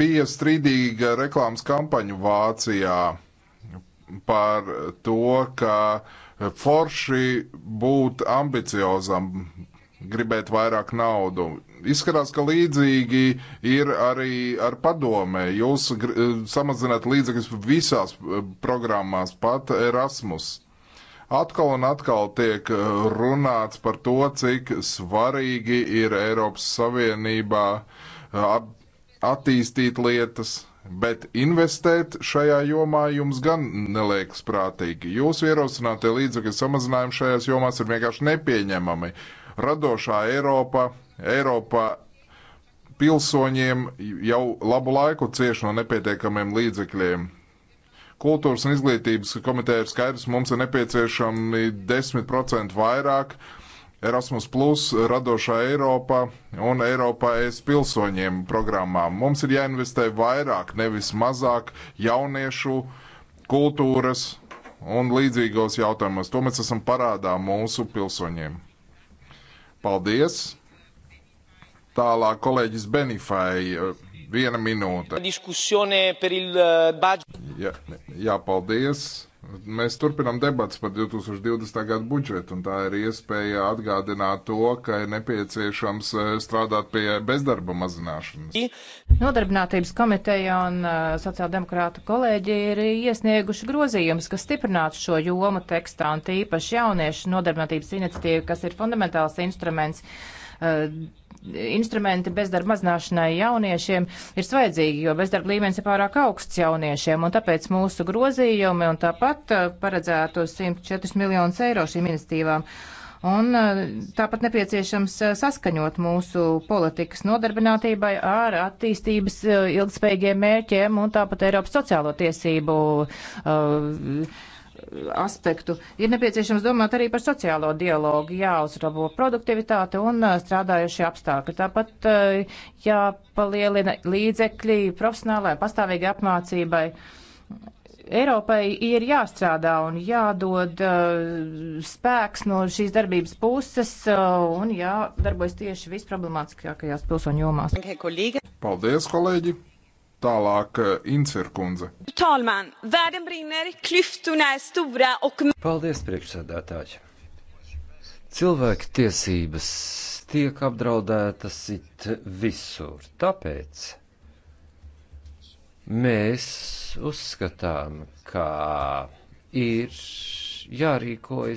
Bija strīdīga reklāmas kampaņa Vācijā par to, ka forši būt ambiciozam gribēt vairāk naudu. Izskatās, ka līdzīgi ir arī ar padomē. Jūs eh, samazināt līdzekļus visās eh, programmās, pat Erasmus. Atkal un atkal tiek eh, runāts par to, cik svarīgi ir Eiropas Savienībā attīstīt lietas, bet investēt šajā jomā jums gan neliekas prātīgi. Jūsu ierosinātie līdzekļu samazinājumi šajās jomās ir vienkārši nepieņemami. Radošā Eiropa, Eiropa pilsoņiem jau labu laiku cieš no nepietiekamiem līdzekļiem. Kultūras un izglītības komiteja ir skaidrs, mums ir nepieciešami 10% vairāk Erasmus, plus, Radošā Eiropa un Eiropā es pilsoņiem programmām. Mums ir jāinvestē vairāk, nevis mazāk jauniešu, kultūras un līdzīgos jautājumos. To mēs esam parādā mūsu pilsoņiem. Paldies! Tālāk kolēģis Benifai. Viena minūte. Diskusijone par il eh, budžetu. Jā, jā, paldies Mēs turpinām debats par 2020. gadu budžetu, un tā ir iespēja atgādināt to, ka ir nepieciešams eh, strādāt pie bezdarba mazināšanas. Nodarbinātības komiteja un eh, sociāldemokrāta kolēģi ir iesnieguši grozījumus, kas stiprinātu šo jomu tekstā, un tīpaši jauniešu nodarbinātības iniciatīva, kas ir fundamentāls instruments eh, instrumenti bezdarba mazināšanai jauniešiem ir svaidzīgi, jo bezdarba līmenis ir pārāk augsts jauniešiem, un tāpēc mūsu grozījumi un tāpat eh, paredzēto 104 miljonus eiro šīm iniciatīvām. Un eh, tāpat nepieciešams eh, saskaņot mūsu politikas nodarbinātībai ar attīstības ilgspējīgiem mērķiem un tāpat Eiropas sociālo tiesību uh, aspektu. Ir nepieciešams domāt arī par sociālo dialogu, jāuzrabo produktivitāte un strādājušie apstākļi. Tāpat jāpalielina līdzekļi profesionālai pastāvīgai apmācībai. Eiropai ir jāstrādā un jādod uh, spēks no šīs darbības puses uh, un jādarbojas tieši visproblemātiskākajās pilsoņu jomās. Paldies, kolēģi! Tālāk eh, Incirkundze. Talman, vērden brinner, klyftunā ir stūra un... Paldies, priekšsēdētāji. Cilvēku tiesības tiek apdraudētas it visur, tāpēc mēs uzskatām, ka ir jārīkojas